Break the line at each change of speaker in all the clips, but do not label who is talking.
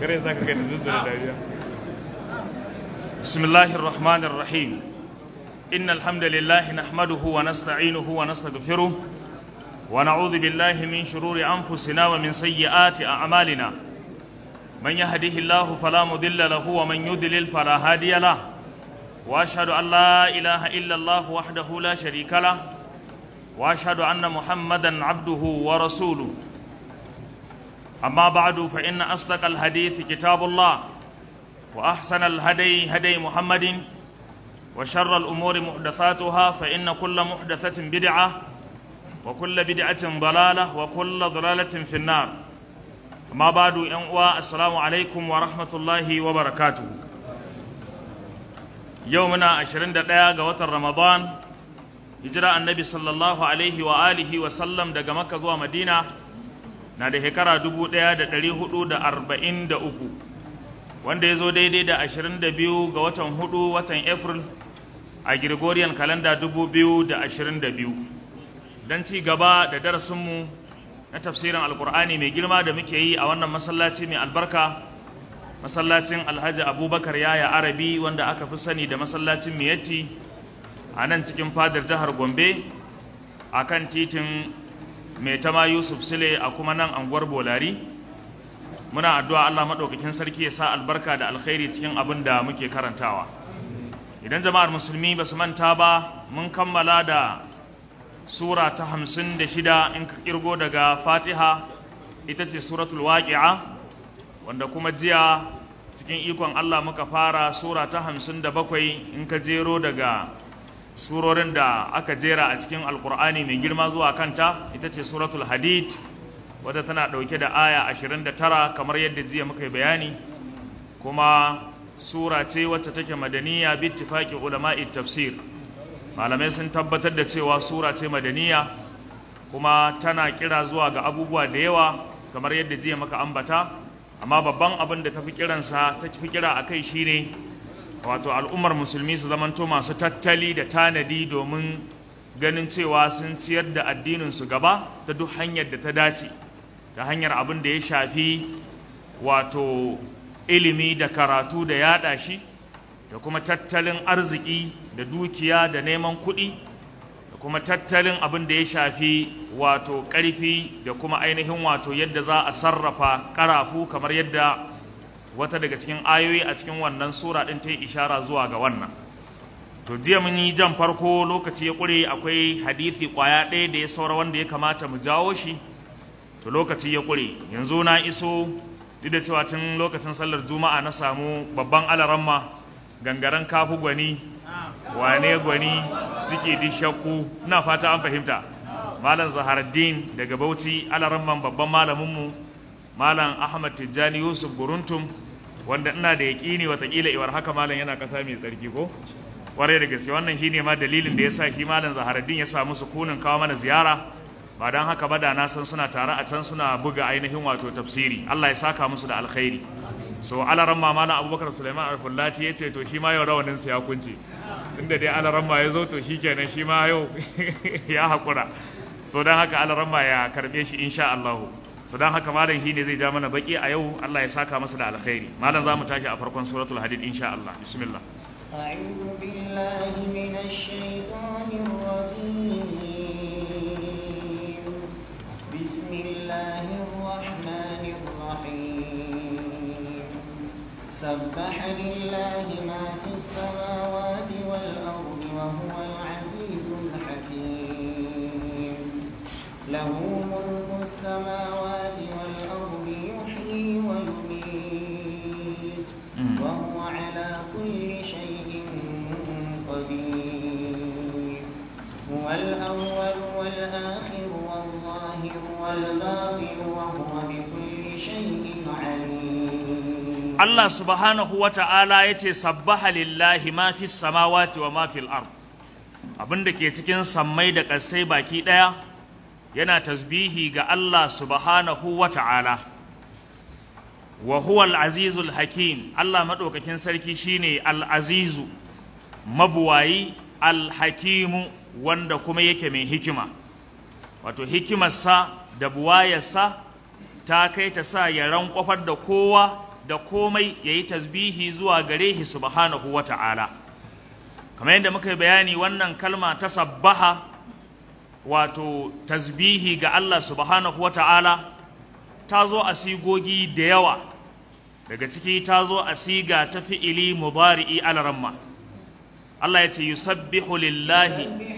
gare za ka kai da dariya bismillahir rahmanir rahim إن الحمد لله نحمده ونستعينه ونستغفره ونعوذ بالله من شرور أنفسنا ومن سيئات أعمالنا من يهده الله فلا مضل له ومن يضلل فلا هادي له وأشهد أن لا إله إلا الله وحده لا شريك له وأشهد أن محمدا عبده ورسوله أما بعد فإن أصدق الحديث كتاب الله وأحسن الهدي هدي محمد وشر الأمور محدثاتها فإن كل محدثة بدعة وكل بدعة ضلالة وكل ضلالة في النار أما بعد أنواع السلام عليكم ورحمة الله وبركاته يومنا عشرين دقيقة وتر رمضان هجرة النبي صلى الله عليه وآله وسلم دقمك ذو مدينة na da shekara uku wanda ya zo daidai da ashirin da biyu ga watan hudu watan afril a Gregorian kalanda biyu. don ci gaba da darasinmu na tafsirin alkur'ani mai girma da muke yi a wannan masallaci mai albarka masallacin alhaji abubakar yaya arabi wanda aka fi sani da masallacin miyatti a nan cikin fadar jihar gombe a kan titin mai ta ma yusuf sile a kuma nan anguwar bolari muna addu'a allah maɗaukakin sarki ya sa albarka da alkhairi cikin abin da muke karantawa idan jama'ar musulmi ba su manta ba mun kammala da sura ta hamsin da shida in ka kirgo daga fatiha ita ce suratul waƙi'a wanda kuma jiya cikin ikon allah muka fara sura ta hamsin da bakwai in ka jero daga surorin da aka jera a cikin alkur'ani mai girma zuwa kanta ita ce suratul hadid wadda tana ɗauke da aya 29 kamar yadda jiya muka yi bayani kuma sura ce wacce take madaniya bi tifaki ulama'i tafsir malamai sun tabbatar da cewa sura ce madaniya kuma tana kira zuwa ga abubuwa da yawa kamar yadda jiya muka ambata amma babban abin da tafi kiransa ta fi kira a kai shine wato al'ummar musulmi su zamanto masu tattali da tanadi domin ganin cewa sun ciyar da addininsu gaba ta duk hanyar da ta dace ta hanyar abin da ya shafi wato ilimi da karatu da yaɗa shi da kuma tattalin arziki da dukiya da neman kuɗi da kuma tattalin abin da ya shafi wato ƙarfi da kuma ainihin wato yadda za a sarrafa ƙarafu kamar yadda wata daga cikin ayoyi a cikin wannan sura ɗin ta yi ishara zuwa ga wannan to jiya mun yi jan farko lokaci ya kure akwai hadithi kwaya ɗaya da ya saura wanda ya kamata mu jawo shi to lokaci ya kure yanzu na iso duk da cewa tun lokacin sallar juma'a na samu babban alaramma gangaren kafu gwani wane gwani ciki shakku ina fata an fahimta malam zaharaddin daga bauchi alaramman babban mu malam ahmad tijjani yusuf guruntum wanda ina da yaƙini watakila iwar haka malam yana ƙasa mai tsarki ko Kwarai da gaske wannan shi ne ma dalilin da ya sa shi malam zaharaddin ya samu sukunin kawo mana ziyara ba don haka ba da na san suna tare a can suna buga ainihin wato tafsiri Allah ya saka musu da alkhairi so alaran ma malam abubakar suleiman alfullati ya ce to shi ma yau rawanin sa ya kunce tunda dai alaran ma ya zo to shi kenan shi ma yau ya haƙura so don haka alaran ma ya karɓe shi insha Allah sadan haka malam shine zai ja mana baki a yau Allah ya saka masa da alkhairi malam zamu tashi a farkon suratul hadid insha Allah bismillah
أعوذ بالله من الشيطان الرجيم بسم الله الرحمن الرحيم سبح لله ما في السماوات والأرض وهو العزيز الحكيم له
Allah subhanahu wa ta'ala ya ce, Sabbaha lillahi ma fi samawati wa ma fi abin da ke cikin sammai da ƙasai baki ɗaya yana tasbihi ga Allah subhanahu wa ta'ala. Wa huwa hakim, Allah maɗaukakin sarki shine al'azizu, mabuwayi alhakimu wanda kuma yake mai hikima. Wato hikimarsa da buwayarsa ta kai ta sa ya rankwafar da kowa da komai ya yi tasbihi zuwa gare shi subhanahu wa ta'ala kamar yadda muka yi bayani wannan kalma ta sabbaha wato tasbihi ga Allah subhanahu wa ta'ala ta zo a sigogi da yawa daga ciki ta zo a siga ta fi'ili mubari'i alaramma Allah ya ce yusabbihu lillahi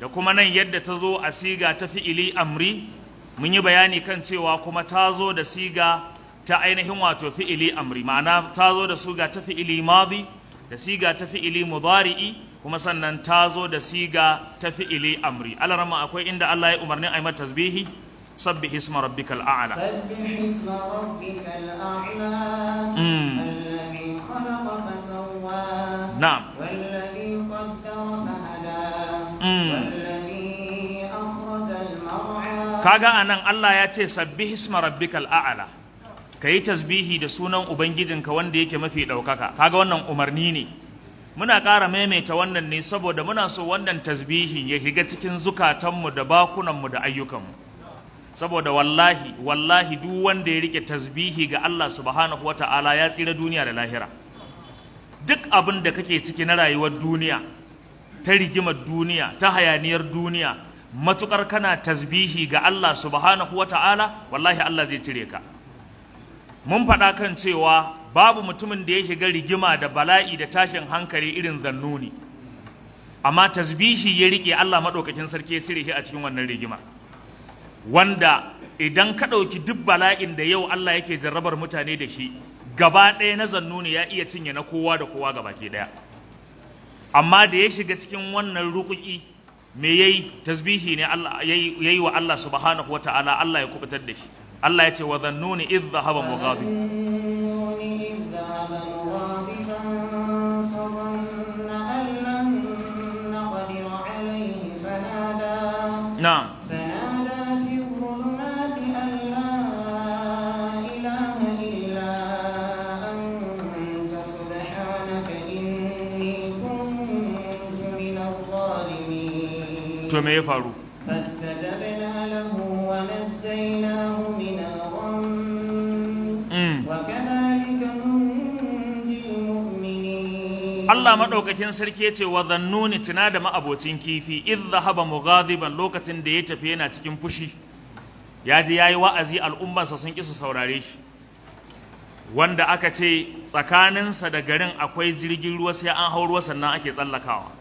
da kuma nan yadda ta zo a siga ta fi'ili amri mun yi bayani kan cewa kuma ta zo da siga ta ainihin wato fi'ili amri ma'ana ta zo da suga ta fi'ili madi da siga ta fi'ili mudari'i kuma sannan ta zo da siga ta fi'ili amri alarama akwai inda Allah ya umarni a yi mata tasbihi sabbih isma rabbikal a'la sabbih
isma rabbikal a'la hmm. alladhi khalaqa fasawwa
na'am Mm. kaga anan Allah ya ce sabbi hisma rabbikal a'ala kayi tasbihi da sunan ubangijinka wanda yake mafi daukaka kaga wannan umarni ne muna ƙara maimaita wannan ne saboda muna so wannan tasbihi ya higa cikin zukatanmu da bakunanmu da ayyukanmu saboda wallahi wallahi duk wanda ya rike tasbihi ga Allah subhanahu ta'ala ya tsira duniya da lahira duk abin da kake ciki na rayuwar duniya ta rigimar duniya ta hayaniyar duniya matukar kana tasbihi ga Allah subhanahu wata'ala wallahi Allah zai cire ka mun faɗa kan cewa babu mutumin da ya shiga rigima da bala'i da tashin hankali irin zannuni amma tasbihi ya rike Allah maɗaukakin sarki ya cire shi a cikin wannan rigima wanda idan ka ɗauki duk bala'in da yau Allah yake jarrabar mutane da shi gaba ɗaya na zannuni ya iya cinye na kowa da kowa gaba ke ɗaya amma da ya shiga cikin wannan rukuki me yayi tasbihi ne Allah yayi wa Allah subhanahu ta'ala. Allah ya kubutar da shi Allah ya ce wa dhannuni idh dhahaba mughadib na'am to me ya faru
allah maɗaukakin
sarki ya ce wa zannuni tuna da ma'abocin kifi idh dhahaba mughadiban lokacin da ya tafi yana cikin fushi ya ji yayi wa'azi al'ummarsa sun kisa saurare shi wanda aka ce tsakaninsa da garin akwai jirgin ruwa sai an hau ruwa sannan ake tsallakawa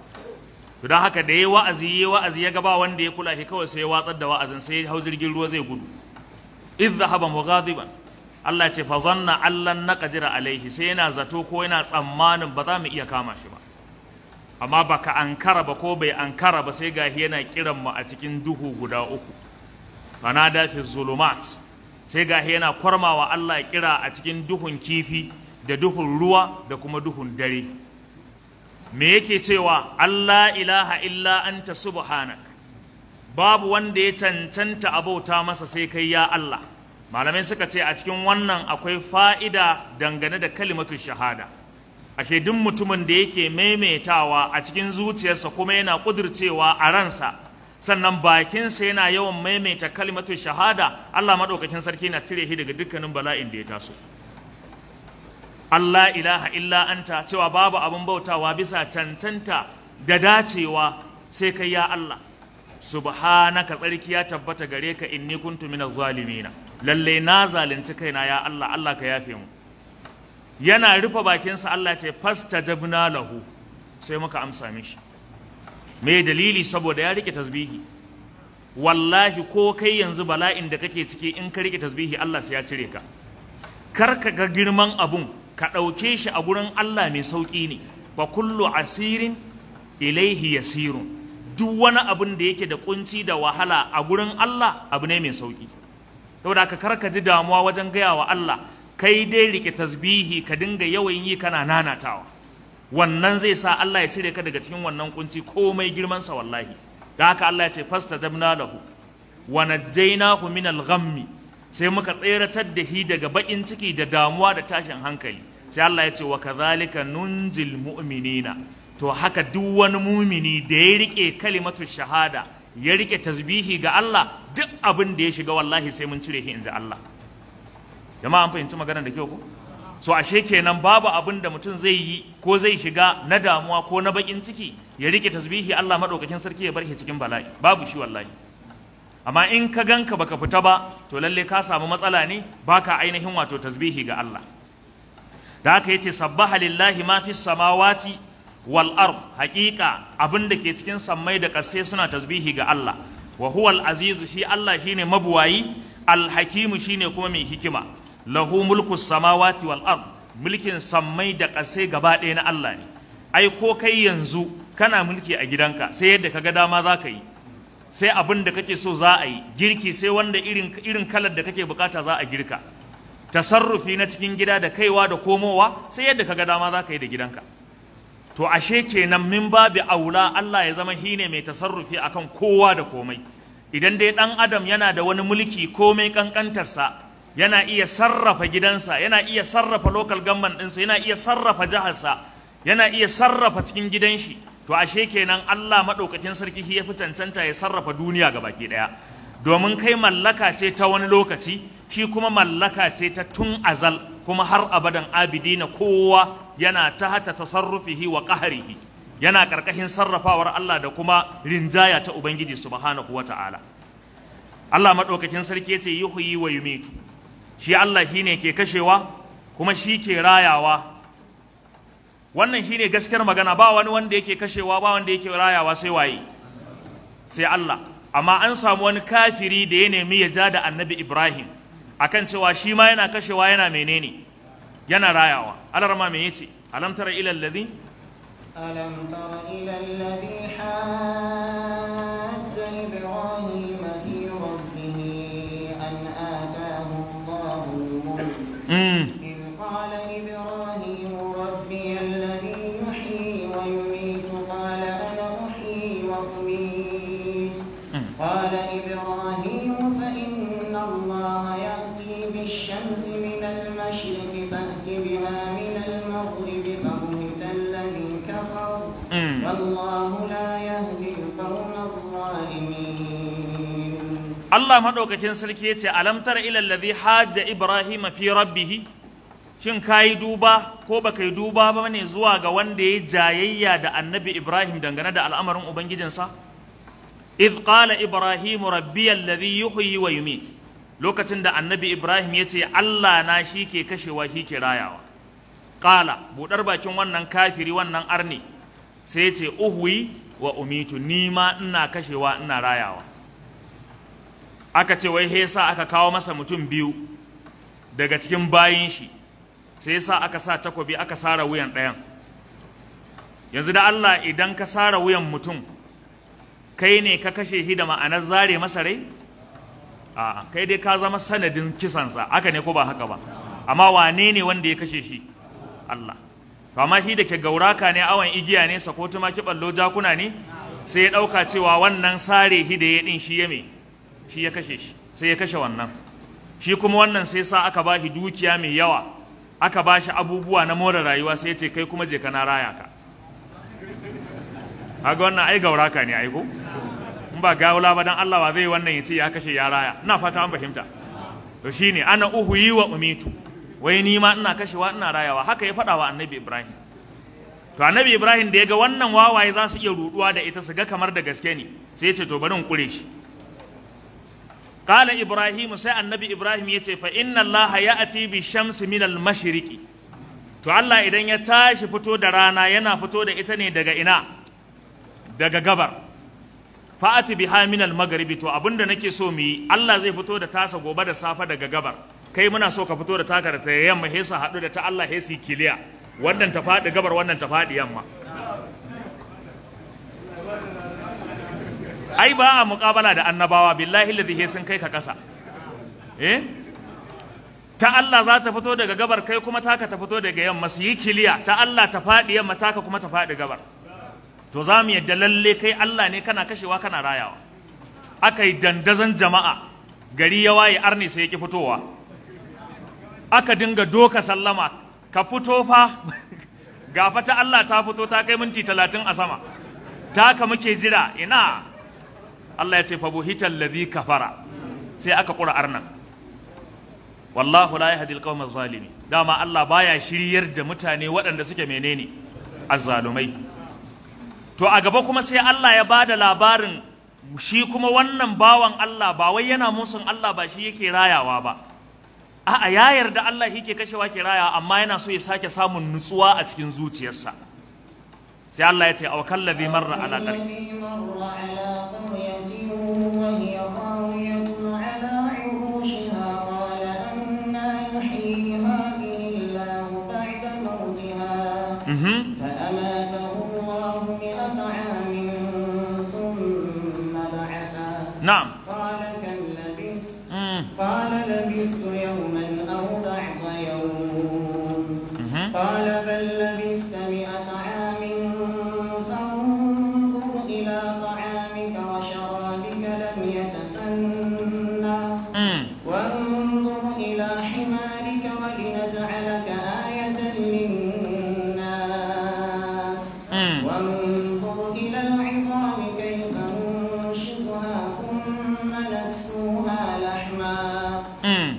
to don haka da ya wa'azi ya wa'azi ya gaba wanda ya kula shi kawai sai ya watsar da wa'azin sai hau jirgin ruwa zai gudu mu dhahaba mughadiban Allah ce fa zanna allan naqdira alaihi sai yana zato ko yana tsammanin ba za mu iya kama shi ba amma baka ankara ba ko bai ankara ba sai gahi yana kiran mu a cikin duhu guda uku Bana dafi zulumat sai gahi yana kwarmawa Allah kira a cikin duhun kifi da duhun ruwa da kuma duhun dare me yake cewa Allah ilaha illa anta subhanak babu wanda ya cancanta abauta masa sai kai ya Allah malamai suka ce a cikin wannan akwai fa'ida dangane da kalimatun shahada ashe duk mutumin da yake maimaitawa a cikin zuciyarsa kuma yana kudircewa a ransa sannan bakinsa yana yawan maimaita kalimatu shahada Allah maɗaukakin sarki na cire shi daga dukkanin bala'in da ya taso Allah ilaha illa anta cewa babu abin bautawa bisa cancanta da dacewa sai kai ya Allah subhanaka tsarki ya tabbata gare ka inni kuntu minaz zalimina lalle na zalunci kaina ya Allah Allah ka yafe mu yana rufe bakinsa Allah ce fastajabna lahu sai muka amsa mishi me dalili saboda ya rike tasbihi wallahi ko kai yanzu bala'in da kake ciki in ka rike tasbihi Allah sai ya cire ka kar ka ga girman abun ka ɗauke shi a gurin Allah mai sauƙi ne ba kullu asirin ilaihi yasirun duk wani abin da yake da kunci da wahala a gurin Allah abu ne mai sauƙi saboda ka karka ji damuwa wajen gaya wa Allah kai dai rike tasbihi ka dinga yawan yi kana nanatawa wannan zai sa Allah ya cire ka daga cikin wannan kunci komai girman sa wallahi da haka Allah ya ce fastadabna lahu wa najjaynahu min al-ghammi sai muka tseratar da shi daga baƙin ciki da damuwa da tashin hankali sai Allah ya ce wa kazalika nunjil mu'minina to haka duk wani mumini da ya rike kalimatu shahada ya rike tasbihi ga Allah duk abin da ya shiga wallahi sai mun cire shi inji Allah jama'a an fahimci maganar da kyau ko so ashe kenan babu abin da mutum zai yi ko zai shiga na damuwa ko na baƙin ciki ya rike tasbihi Allah madaukakin sarki ya bar cikin bala'i babu shi wallahi amma in ka ganka baka fita ba to lalle ka samu matsala ne baka ainihin wato tasbihi ga Allah da haka yace sabbaha lillahi ma fi samawati wal ard haqiqa abin da ke cikin sammai da ƙasai suna tasbihi ga Allah wa huwal azizu shi Allah shine mabuwayi al hakim shine kuma mai hikima lahu mulku samawati wal ard mulkin sammai da ƙasai gaba ɗaya na Allah ne ai ko kai yanzu kana mulki a gidanka sai yadda kaga dama za ka yi sai abin da kake so za a yi girki sai wanda irin kalar da kake bukata za a girka tasarrufi na cikin gida da kaiwa da komowa sai yadda kaga dama za ka yi da gidanka to ashe kenan min babi aula Allah ya zama shine mai tasarrufi akan kowa da komai idan dai dan adam yana da wani mulki komai kankantarsa yana iya sarrafa gidansa yana iya sarrafa local government ɗinsa yana iya sarrafa jiharsa yana iya sarrafa cikin gidan shi to ashe kenan Allah maɗaukakin sarki ya fi cancanta ya sarrafa duniya ga baki ɗaya domin kai mallaka ce ta wani lokaci shi kuma mallaka ce ta tun azal kuma har abadan abidi na kowa yana ta hata tasarrufihi wa qahrihi yana karkashin sarrafawar Allah da kuma rinjaya ta ubangiji subhanahu wata'ala Allah madaukakin sarki ya ce yuhyi wa yumitu shi Allah shine ke kashewa kuma shi ke rayawa wannan shi ne gaskiyar magana ba wani wanda yake kashewa ba wanda yake rayawa sai waye sai Allah amma an samu wani kafiri da ya nemi ya ja da annabi Ibrahim akan cewa shi ma yana kashewa yana menene yana rayawa rama me yace alam tara ila alladhi
alam tara ila alladhi hajja ibrahim fi rabbih an ataahu Allahu
Allah maɗaukakin sarki ya ce alamtar ilallazi hajja Ibrahim fi rabbihi shin kayi duba ko baka yi duba ba ne zuwa ga wanda ya jayayya da annabi Ibrahim dangane da al'amarin Ubangijinsa? Idh qala Ibrahim rabbi allazi yuhyi wa yumit lokacin da annabi Ibrahim ya ce Allah na shi ke kashewa shi ke rayawa. Qala buɗar bakin wannan kafiri wannan arni sai ya ce uhwi wa umitu nima ina kashewa ina rayawa. aka ce wai hesa aka kawo masa mutum biyu daga cikin bayin shi sai yasa aka sa takobi aka sara wuyan ɗayan yanzu da Allah idan ka sara wuyan mutum kai ne ka kashe shi da ma'anar zare masa rai a'a kai dai ka zama sanadin kisansa aka ne ko ba haka ba amma wane ne wanda ya kashe shi Allah to amma shi da ke gauraka ne awon igiya ne sako ma jakuna ne sai ya ɗauka cewa wannan sare shi da ya din shi ya me shi ya kashe shi sai ya kashe wannan shi kuma wannan sai sa aka ba shi dukiya mai yawa aka ba shi abubuwa na more rayuwa sai ya ce kai kuma je kana raya ka kaga wannan ai gauraka ne ai ko in ba gaula ba dan Allah ba zai wannan ya ce ya kashe ya raya ina fata an fahimta to shine ana uhuyi wa umitu wai ni ma ina kashewa ina rayawa haka ya faɗa wa annabi Ibrahim to annabi Ibrahim da ya ga wannan wawaye za su iya ruduwa da ita su ga kamar da gaske ne sai ya ce to bari in kure shi qala ibrahim sai annabi ibrahim ya ce fa inna laha ya'ti bi shamsi min Mashiriki. to allah idan ya tashi fito da rana yana fito da ita ne daga ina daga gabar fa'ati biha min al maghribi to abinda nake so mu yi allah zai fito da tasa gobe da safe daga gabar kai muna so ka fito da taka da ta yamma hesa haɗu da ta allah hesi kiliya wannan ta faɗi gabar wannan ta faɗi yamma ai ba a muƙabala da annabawa billahi ladhi sun kai ka kasa. eh ta Allah za ta fito daga gabar kai kuma taka ta fito daga yamma su yi kiliya ta Allah ta faɗi yamma taka kuma ta faɗi gabar to za mu yadda lalle kai Allah ne kana kashewa kana rayawa aka yi dandazon jama'a gari ya waye arni sai ya ki fitowa aka dinga doka sallama ka fito fa gafa ta Allah ta fito ta kai minti talatin a sama taka muke jira ina Allah ya ce fa buhital ladhi kafara sai aka kura arnan wallahu la yahdi alqawma zalimin dama Allah baya shiryar da mutane waɗanda suke menene azzalumai to a gaba kuma sai Allah ya bada labarin shi kuma wannan bawan Allah ba wai yana musun Allah ba shi yake rayawa ba a'a ya yarda Allah yake kashewa ke rayawa amma yana so ya sake samun nutsuwa a cikin zuciyarsa sai Allah ya ce aw marra ala qarya
فأماته الله مئة عام ثم بعثا نعم
قال كم
لبثت قال لبثت يوما أو بعض يوم قال بل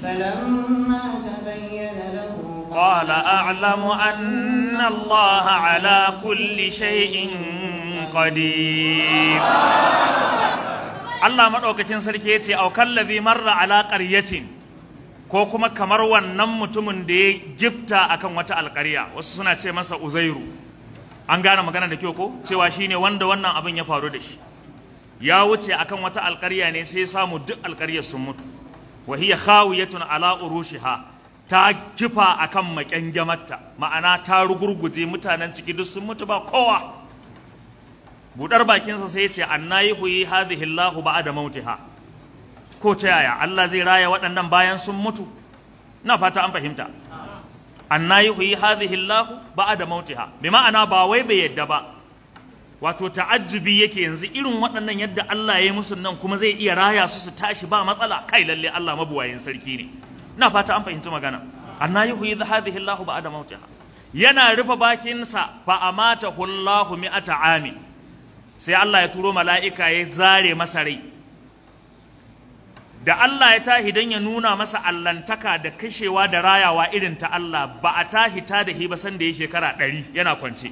فلما تبين له
قال أعلم أن الله على كل شيء قدير Allah maɗaukakin sarki ya ce aukan labi marra ala ƙaryatin ko kuma kamar wannan mutumin da ya gifta akan wata alƙarya wasu suna ce masa uzairu an gane magana da kyau ko cewa shi ne wanda wannan abin ya faru da shi ya wuce akan wata alƙarya ne sai samu duk alƙaryar sun mutu wa hiya khawiyatun ala urushiha ta kifa akan makyangamarta ma'ana ta rugurguje mutanen ciki duk sun mutu ba kowa budar bakinsa sai ya ce annayi huyi hadhihi Allahu ba'da mautiha ko ta yaya Allah zai raya waɗannan bayan sun mutu na fata an fahimta annayi huyi hadhihi Allahu ba'da mautiha bi ma'ana ba wai bai yadda ba wato ta'ajjubi yake yanzu irin waɗannan yadda Allah ya yi musu nan kuma zai iya raya su su tashi ba matsala kai lalle Allah mabuwayin sarki ne ina fata an fahimci magana annahu Lahu hadhihi Allahu ba'da mautiha yana rufe bakinsa fa amata Allahu mi'ata ami sai Allah ya turo mala'ika ya zare masa rai da Allah ya tahi dan ya nuna masa allantaka da kashewa da rayawa irin ta Allah ba a tahi ta da hi ba san da ya shekara ɗari yana kwance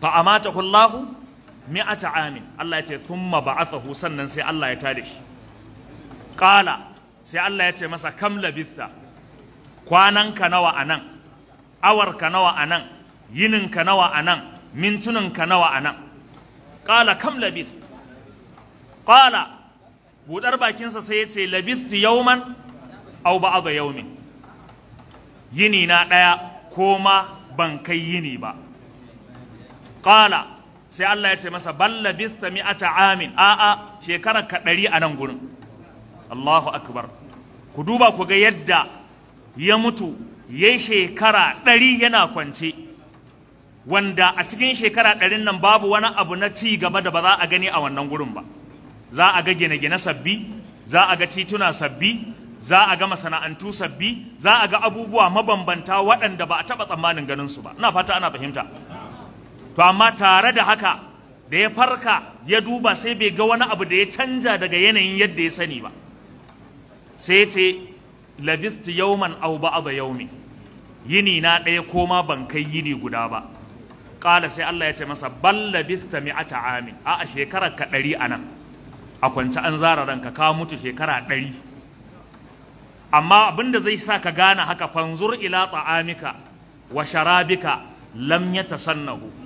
fa amatahu Allah mi'ata amin Allah ya ce thumma ba'athahu sannan sai Allah ya tada shi qala sai Allah ya ce masa kam labitha kwananka nawa anan awarka nawa anan yininka nawa anan mintuninka nawa anan Ƙala kam labitha Ƙala, buɗar bakinsa sai ya ce labistu yauman au ba'da yaumin yini na ɗaya ko ma ban kai yini ba qala sai Allah ya ce masa balla bista mi'ata amin a'a shekara ka ɗari a nan gurin Allahu akbar ku duba ku ga yadda ya mutu yayi shekara ɗari yana kwance wanda a cikin shekara ɗarin nan babu wani abu na ci gaba da ba za a gani a wannan gurin ba za a ga gine-gine sabbi za a ga tituna sabbi za a ga masana'antu sabbi za a ga abubuwa mabambanta waɗanda ba a taɓa tsammanin ganin su ba ina fata ana fahimta to amma tare da haka da ya farka ya duba sai bai ga wani abu da ya canja daga yanayin yadda ya sani ba sai ce labistu yauman aw ba'da yaumi yini na ɗaya koma ban kai yini guda ba ƙala sai Allah ya ce masa bal labista mi'ata amin a'a shekarar ka ɗari a nan a kwance an zara ranka ka mutu shekara ɗari amma abin da zai sa ka gane haka fanzur ila ta'amika wa sharabika lam sannahu.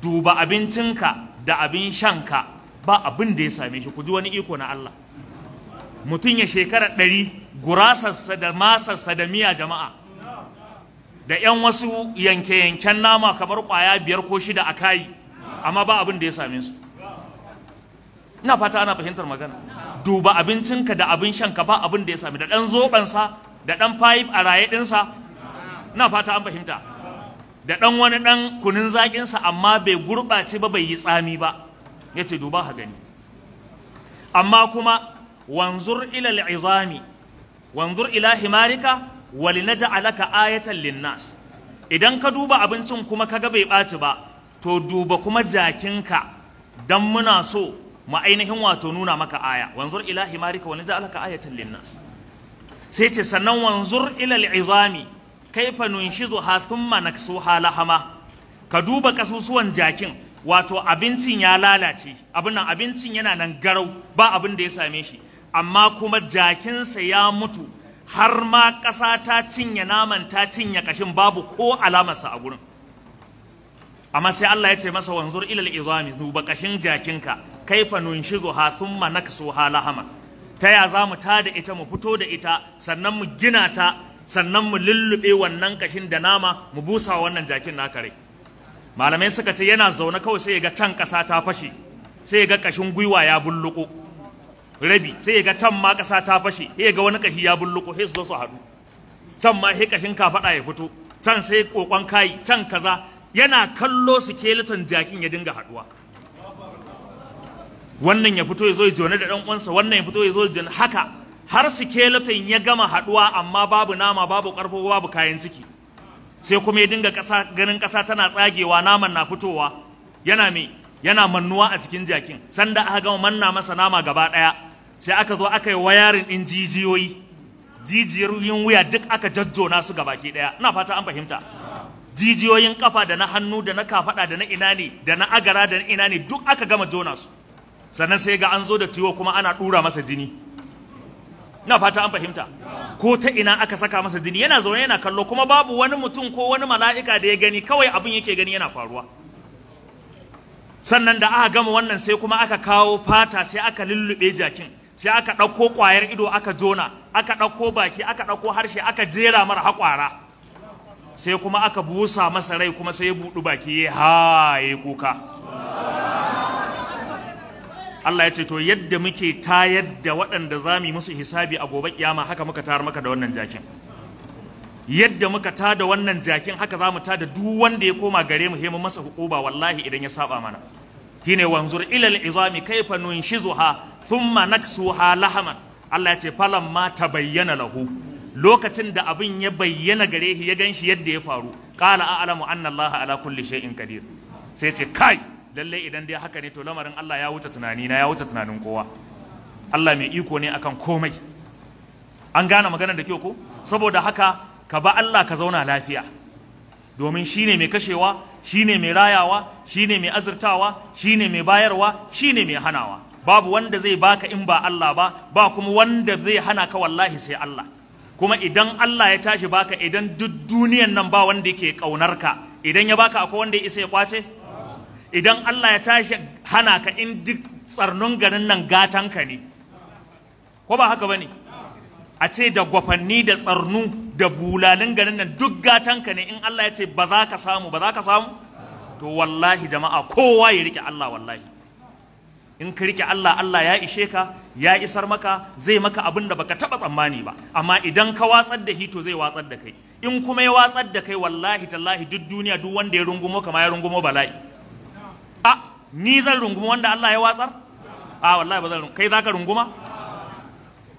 duba abincinka da abin shanka ba abin da ya same shi ku ji wani iko na Allah mutum ya shekara ɗari gurasarsa da masarsa da miya jama'a da 'yan wasu yanke-yanken nama kamar ƙwaya biyar ko shida a kayi amma ba abin da ya same su ina fata ana fahimtar magana duba abincinka da abin shanka ba abin da ya same da ɗan zobensa da ɗan fayif a raye ɗinsa ina fata an fahimta da ɗan wani ɗan kunin zaƙinsa amma bai gurɓace ba bai yi tsami ba ya ce duba ha gani amma kuma wanzur ila izami wanzur ila himarika na ja'alaka ayatan linnas idan ka duba abincin kuma ka ga bai ɓaci ba to duba kuma jakinka dan muna so mu ainihin wato nuna maka aya wanzur ila himarika walinaja ja'alaka ayatan linnas sai ce sannan wanzur ila izami kaifa nunshizuha thumma naksuha lahama ka duba kasusuwan jakin wato abincin ya lalace abin abincin yana nan garau ba abin da ya same shi amma kuma jakinsa ya mutu har ma kasa ta cinye naman ta cinye kashin babu ko alamarsa a gurin amma sai Allah ya ce masa wanzur ilal izami duba kashin jakinka kaifa nunshizuha thumma naksuha lahama ta ya za mu tada ita mu fito da ita sannan mu gina ta sannan mu lullube wannan kashin da nama mu busa wannan jakin na kare. malamai suka ce yana zaune kawai sai ya ga can ƙasa ta fashe sai ya ga kashin gwiwa ya bulluko rabi sai ya ga can ma ƙasa ta fashe sai ya ga wani kashi ya bulluko sai su zo su haɗu can ma sai kashin kafaɗa ya fito can sai kokon kai can kaza yana kallo skeleton jakin ya dinga haɗuwa wannan ya fito ya zo ya jone da ɗan uwansa wannan ya fito ya zo ya jone haka har su skeleton ya gama haduwa amma babu nama babu karfo babu kayan ciki sai kuma ya dinga kasa ganin kasa tana tsagewa naman na fitowa yana me yana mannuwa a cikin jakin sanda aka gama manna masa nama gaba daya sai aka zo aka yi wayarin din jijiyoyi jijiyoyin wuya duk aka jajjona su gabaki daya ina fata an fahimta jijiyoyin kafa da na hannu da na kafada da na ina ne da na agara da na ina ne duk aka gama jona su sannan sai ga an zo da tiwo kuma ana dura masa jini ina fata an fahimta ko ta ina aka saka masa jini yana zaune yana kallo kuma babu wani mutum ko wani mala'ika da ya gani kawai abin yake gani yana faruwa sannan da aka gama wannan sai kuma aka kawo fata sai aka lullube jakin sai aka ɗauko ƙwayar ido aka jona aka ɗauko baki aka ɗauko harshe aka jera mara haƙwara sai kuma aka busa masa rai kuma sai ya buɗu baki ya ha ya kuka Allah ya ce to yadda muke tayar da waɗanda za mu yi musu hisabi a gobe kiyama haka muka tayar maka da wannan jakin yadda muka ta da wannan jakin haka za mu da duk wanda ya koma gare mu hemu masa hukuba wallahi idan ya saba mana shine wanzur ilal izami kaifa nunshizuha thumma naksuha lahaman Allah ya ce falan ma tabayyana lahu lokacin da abin ya bayyana gare shi ya ganshi yadda ya faru qala a'lamu anna Allah ala kulli shay'in qadir sai ce kai lalle idan dai haka ne to lamarin Allah ya wuce tunani na ya wuce tunanin kowa Allah mai iko ne akan komai an gane maganar da kyau ko saboda haka ka ba Allah ka zauna lafiya domin shine mai kashewa shine mai rayawa shine mai azurtawa shine mai bayarwa shine mai hanawa babu wanda zai baka in ba Allah ba ba kuma wanda zai hana ka wallahi sai Allah kuma idan Allah ya tashi baka idan duk duniyan nan ba wanda yake kaunar ka idan ya baka akwai wanda ya isa ya kwace idan Allah ya tashi hana ka in duk tsarnun garin nan gatan ne ko ba haka bane a ce da gwafanni da tsarnu da bulalin garin nan duk gatanka ne in Allah ya ce ba za ka samu ba za ka samu to wallahi jama'a kowa ya rike Allah wallahi in ka rike Allah Allah ya ishe ka ya isar maka zai maka abin da baka taba tsammani ba amma idan ka watsar da hito zai watsar da kai in kuma ya watsar da kai wallahi tallahi duk duniya duk wanda ya rungumo kama ya rungumo bala'i ni zan rungumi wanda Allah ya watsar a wallahi ba zan kai zaka runguma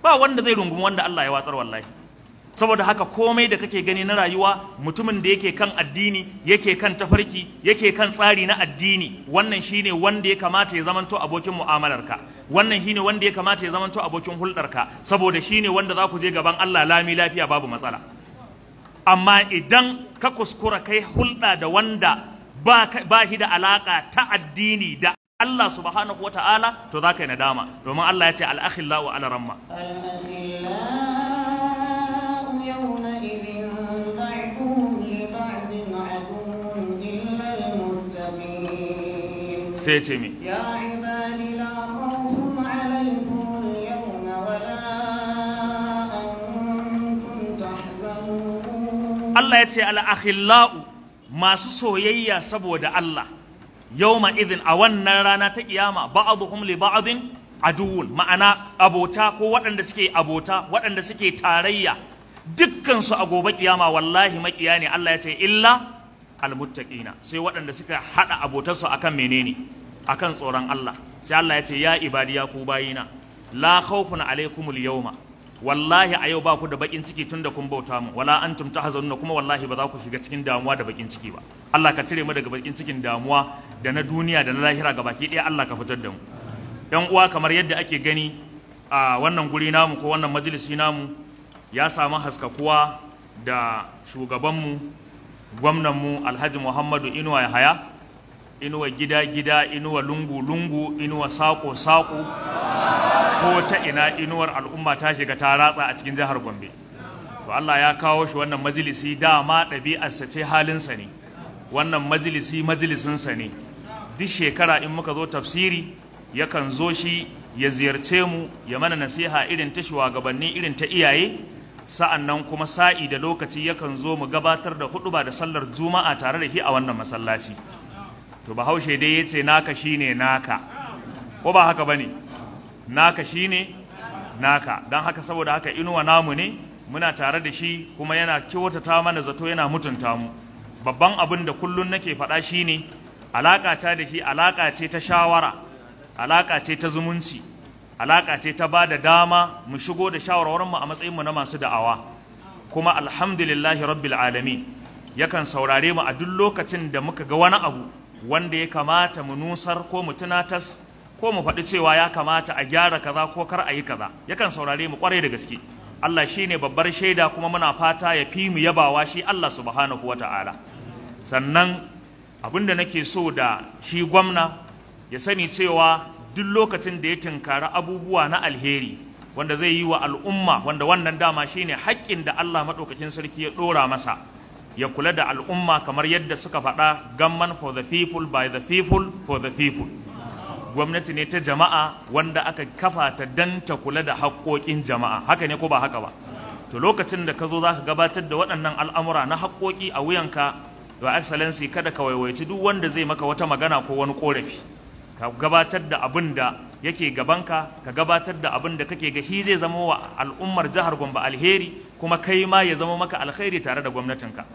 ba wanda zai runguma wanda Allah ya watsar wallahi saboda haka komai da kake gani na rayuwa mutumin da yake kan addini yake kan tafarki yake kan tsari na addini wannan shine wanda ya kamata ya zamanto abokin mu'amalarka wannan shine wanda ya kamata ya zamanto abokin hulɗarka saboda shine wanda za ku je gaban Allah lami lafiya babu matsala amma idan ka kuskura kai hulɗa da wanda ba shi da alaƙa ta addini da Allah subhanahu wa ta'ala to za ka yi nadama domin Allah ya ce al'akhilla wa alaramma sai ce mi Allah ya ce al'akhilla'u masu soyayya saboda Allah yawma izin a wannan rana ta kiyama ba'dhum li ba'dhin aduwun ma'ana abota ko waɗanda suke abota waɗanda suke tarayya dukkansu a gobe kiyama wallahi makiya ne Allah ya ce illa almuttaqina sai waɗanda suka hada abotarsu akan menene akan tsoron Allah sai Allah ya ce ya ibadiya ku bayina la khawfun alaykumul yawma wallahi a yau ba ku da bakin ciki tun da kun bauta mu wala antum tahzanuna kuma wallahi ba za ku shiga cikin damuwa da bakin ciki ba Allah ka cire mu daga bakin cikin damuwa da na duniya da na lahira gabaki ɗaya Allah ka fitar da mu yan uwa kamar yadda ake gani a wannan guri namu ko wannan majalisi namu ya samu haskakuwa da shugabanmu gwamnanmu Alhaji Muhammadu Inuwa Yahaya inuwa gida-gida inuwa lungu-lungu inuwa sako-sako ko ta ina inuwar al'umma ta shiga ta ratsa a cikin jihar gombe to allah ya kawo shi wannan majalisi dama ɗabi'arsa ce halinsa ne wannan majalisi majalisinsa ne duk shekara in muka zo tafsiri yakan zo shi ya ziyarce mu ya mana nasiha irin ta shugabanni irin ta iyaye sa'an nan kuma sa'i da lokaci yakan zo mu gabatar da hudu da sallar juma'a tare da shi a wannan masallaci to bahaushe dai ya ce naka shine naka ko ba haka bane naka shine naka don haka saboda haka inuwa namu ne muna tare da shi kuma yana kyautata mana zato yana mutunta mu babban abin da kullun nake faɗa shine alaƙa ta da shi alaƙa ce ta shawara alaƙa ce ta zumunci alaƙa ce ta ba da dama mu shigo da shawarwar mu a matsayinmu na masu da'awa kuma alhamdulillahi rabbil alamin yakan saurare mu a duk lokacin da muka ga wani abu wanda ya kamata mu nusar ko mu tunatas ko mu faɗi cewa ya kamata a gyara kaza ko kar a yi kaza yakan saurare mu kwarai da gaske Allah shine babbar shaida kuma muna fata ya fi mu yabawa shi Allah subhanahu ta'ala sannan abinda nake so da shi gwamna ya sani cewa duk lokacin da ya tinkara abubuwa na alheri wanda zai yi wa al'umma wanda wannan dama shine haƙƙin da Allah maɗaukakin sarki ya ɗora masa ya kula da al'umma kamar yadda suka faɗa gamman for the people by the people for the people gwamnati ne ta jama'a wanda aka kafa ta dan ta kula da haƙoƙin jama'a haka ne ko ba haka ba to lokacin da ka zo za ka gabatar da waɗannan al'amura na haƙoƙi a wuyanka wa excellency kada ka waiwaici duk wanda zai maka wata magana ko wani ƙorafi ka gabatar da abin da yake gabanka ka gabatar da abin da kake ga shi zai zama wa al'ummar jihar Gombe alheri kuma kai ma ya zama maka alheri tare da gwamnatinka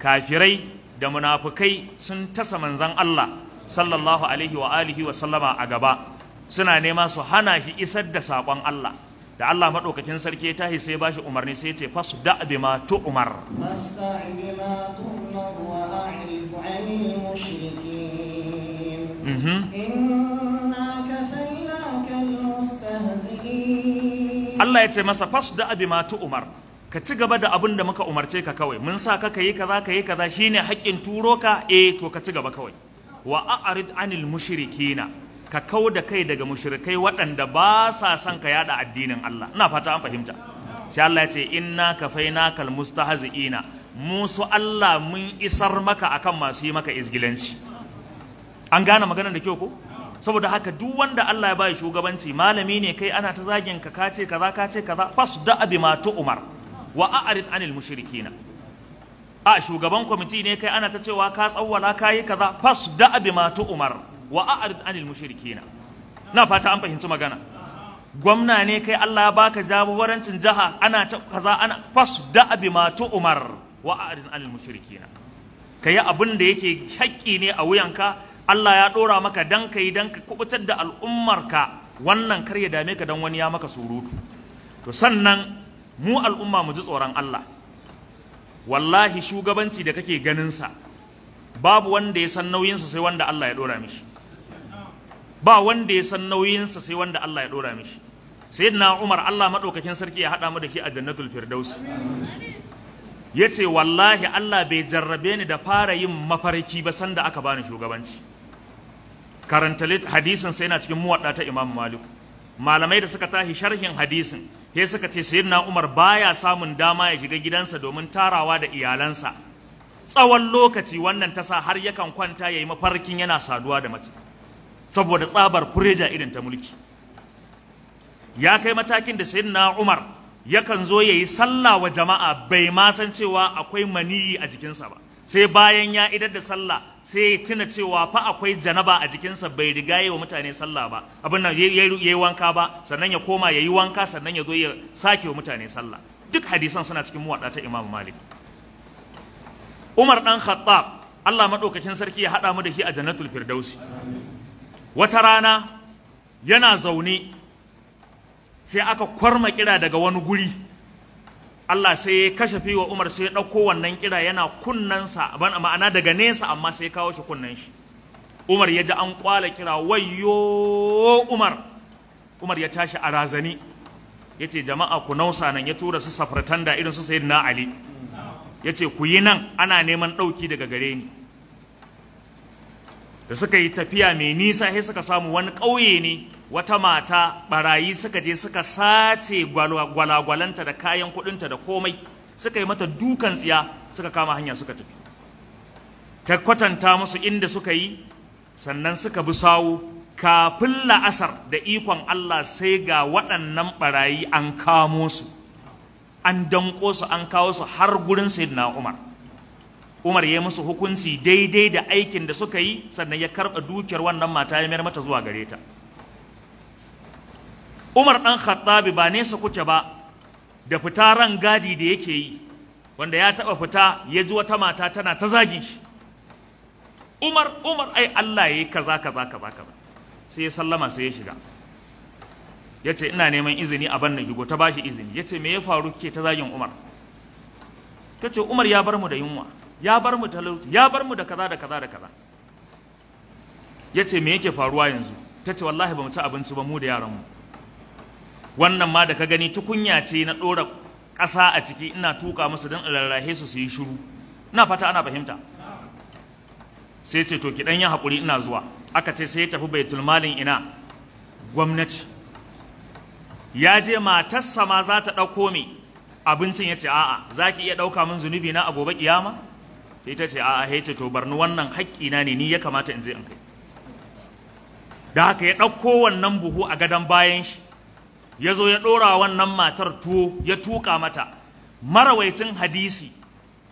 kafirai da munafukai sun tasa manzan Allah sallallahu alaihi wa alihi wa sallama a gaba suna nema su hana shi isar da saƙon Allah da Allah madaukakin sarki ya tahi sai bashi umarni sai ya ce fasu da tu'mar ma tu umar
wa a'rid 'anil mushrikin
Mm-hmm. Allah ya ce masa fas da abi matu umar ka ci gaba da abin da muka umarce ka kawai mun sa ka yi kaza ka yi kaza shine haƙƙin turo ka E, to ka ci gaba kawai wa a'rid anil mushrikina ka kau da kai daga mushrikai waɗanda ba sa son ka yada addinin Allah ina fata an fahimta sai Allah ya ce inna kafainaka almustahzi'ina mu su Allah mun isar maka akan masu yi maka izgilanci an gane maganar da kyau ko saboda haka duk wanda Allah ya bai shugabanci malami ne kai ana ta zagin ka kace kaza kace kaza fasda bi ma umar wa a'rid anil mushrikina a shugaban kwamiti ne kai ana ta cewa ka tsawwala kai kaza fasda bi ma umar wa a'rid anil mushrikina na fata an fahimci magana gwamna ne kai Allah ya baka jagorancin jaha ana ta kaza ana fasda bi ma umar wa a'rid anil mushrikina kai abin da yake hakki ne a wuyanka Allah ya ɗora maka dan ka yi dan ka kubutar da al'ummarka wannan kar ya dame ka dan wani ya maka surutu to sannan mu al'umma mu ji tsoron Allah wallahi shugabanci da kake ganinsa sa babu wanda ya san nauyinsa sai wanda Allah ya ɗora mishi ba wanda ya san nauyinsa sai wanda Allah ya ɗora mishi sayyidina Umar Allah madaukakin sarki ya haɗa mu da shi a jannatul Ya ce wallahi Allah bai jarrabe ni da fara yin mafarki ba sanda aka bani shugabanci karanta hadisin sai yana cikin muwaɗa ta Imam Malik malamai da suka tashi sharhin hadisin sai suka ce sayyidina Umar baya samun dama ya shiga gidansa domin tarawa da iyalansa tsawon lokaci wannan tasa har yakan kwanta yayi mafarkin yana saduwa da mace saboda tsabar fureja irin ta mulki ya kai matakin da sayyidina Umar yakan zo yayi sallah wa jama'a bai ma san cewa akwai maniyi a jikinsa ba sai bayan ya idar da sallah sai ya tuna cewa fa akwai janaba a jikinsa bai riga yi wa mutane sallah ba abin nan ya yi wanka ba sannan ya koma ya yi wanka sannan ya zo ya sake wa mutane sallah duk hadisan suna cikin muwaɗa ta imam malik umar ɗan khattab allah maɗaukakin sarki ya haɗa mu da shi a jannatul firdausi wata rana yana zaune sai aka kwarma kira daga wani guri Allah sai ya kashe kashafi wa Umar sai ya ɗauko wannan kira yana kunnansa ma'ana daga nesa amma sai ya kawo shi kunnan shi Umar ya ji an kwala kira wayyo Umar Umar ya tashi a razani ya ce jama'a ku nausa nan ya tura su da irin su na Ali ya ce ku yi nan ana neman ɗauki daga gare ni da suka yi tafiya mai nisa sai suka samu wani ƙauye ne wata mata barayi suka je suka sace gwalagwalanta da kayan kuɗinta da komai suka yi mata dukan tsiya suka kama hanya suka tafi ta kwatanta musu inda suka yi sannan suka bi sawu kafin la'asar da ikon Allah sai ga waɗannan barayi an kamo su an danko su an kawo su har gurin sayyidina Umar Umar ya yi musu hukunci daidai da aikin da suka yi sannan ya karɓa dukiyar wannan mata ya mayar mata zuwa gare ta Umar ɗan Khattabi ba nesa kuke ba da fita ran gadi da yake yi wanda ya taɓa fita ya ji wata mata tana ta zagi shi Umar Umar ai Allah ya yi kaza kaza kaza kaza sai ya sallama sai ya shiga Ya ce ina neman izini a banna gigo ta bashi izini ce me ya faru ke ta zagin Umar tace Umar ya bar mu da yunwa ya bar mu talauci ya bar mu da kaza da kaza da kaza ya ce me yake faruwa yanzu ta ce wallahi ba mu ci abinci ba mu da yaran mu wannan ma da ka gani tukunya ce na ɗora ƙasa a ciki ina tuka musu don rarrahe su su yi shiru ina fata ana fahimta sai ce to ki ɗan yi haƙuri ina zuwa aka ce sai ya tafi baitul malin ina gwamnati ya je matarsa ma za ta ɗauko me abincin ya ce a'a za ki iya ɗauka min zunubi na a gobe kiyama sai ta ce a'a ce to barni wannan haƙƙi ne ni ya kamata in je in kai da haka ya ɗauko wannan buhu a gadon bayan shi ya zo ya ɗora wannan matar tuwo ya tuƙa mata marawaitin hadisi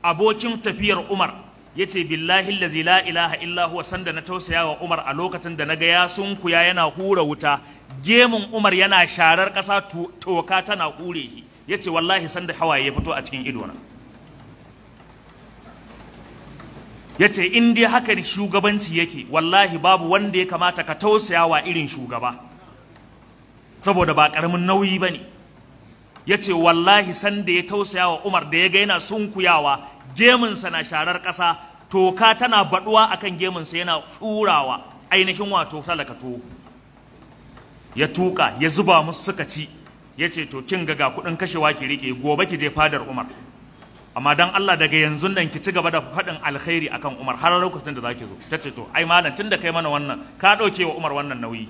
abokin tafiyar Umar ya ce billahi lazi la ilaha illa huwa sanda na tausaya wa Umar a lokacin da na ga ya kuya yana hura wuta gemun Umar yana sharar ƙasa toka tana hure shi ya ce wallahi sanda hawaye ya fito a cikin idona. ya ce in dai haka shugabanci yake wallahi babu wanda ya kamata ka tausayawa irin shugaba saboda ba ƙaramin nauyi ba ne ya ce wallahi sanda ya tausayawa umar da ya ga yana sunkuyawa geminsa na sharar ƙasa toka tana baɗuwa akan geminsa yana tsurawa ainihin wato talakato ya tuka ya zuba musu suka ci ya ce to kin ga ga kuɗin kashewa ki riƙe gobe ki je fadar umar amma dan Allah daga yanzu nan ki ci gaba da faɗin alkhairi akan Umar har lokacin da zaki zo tace to ai malam tun da kai mana wannan ka ɗauke wa Umar wannan nauyi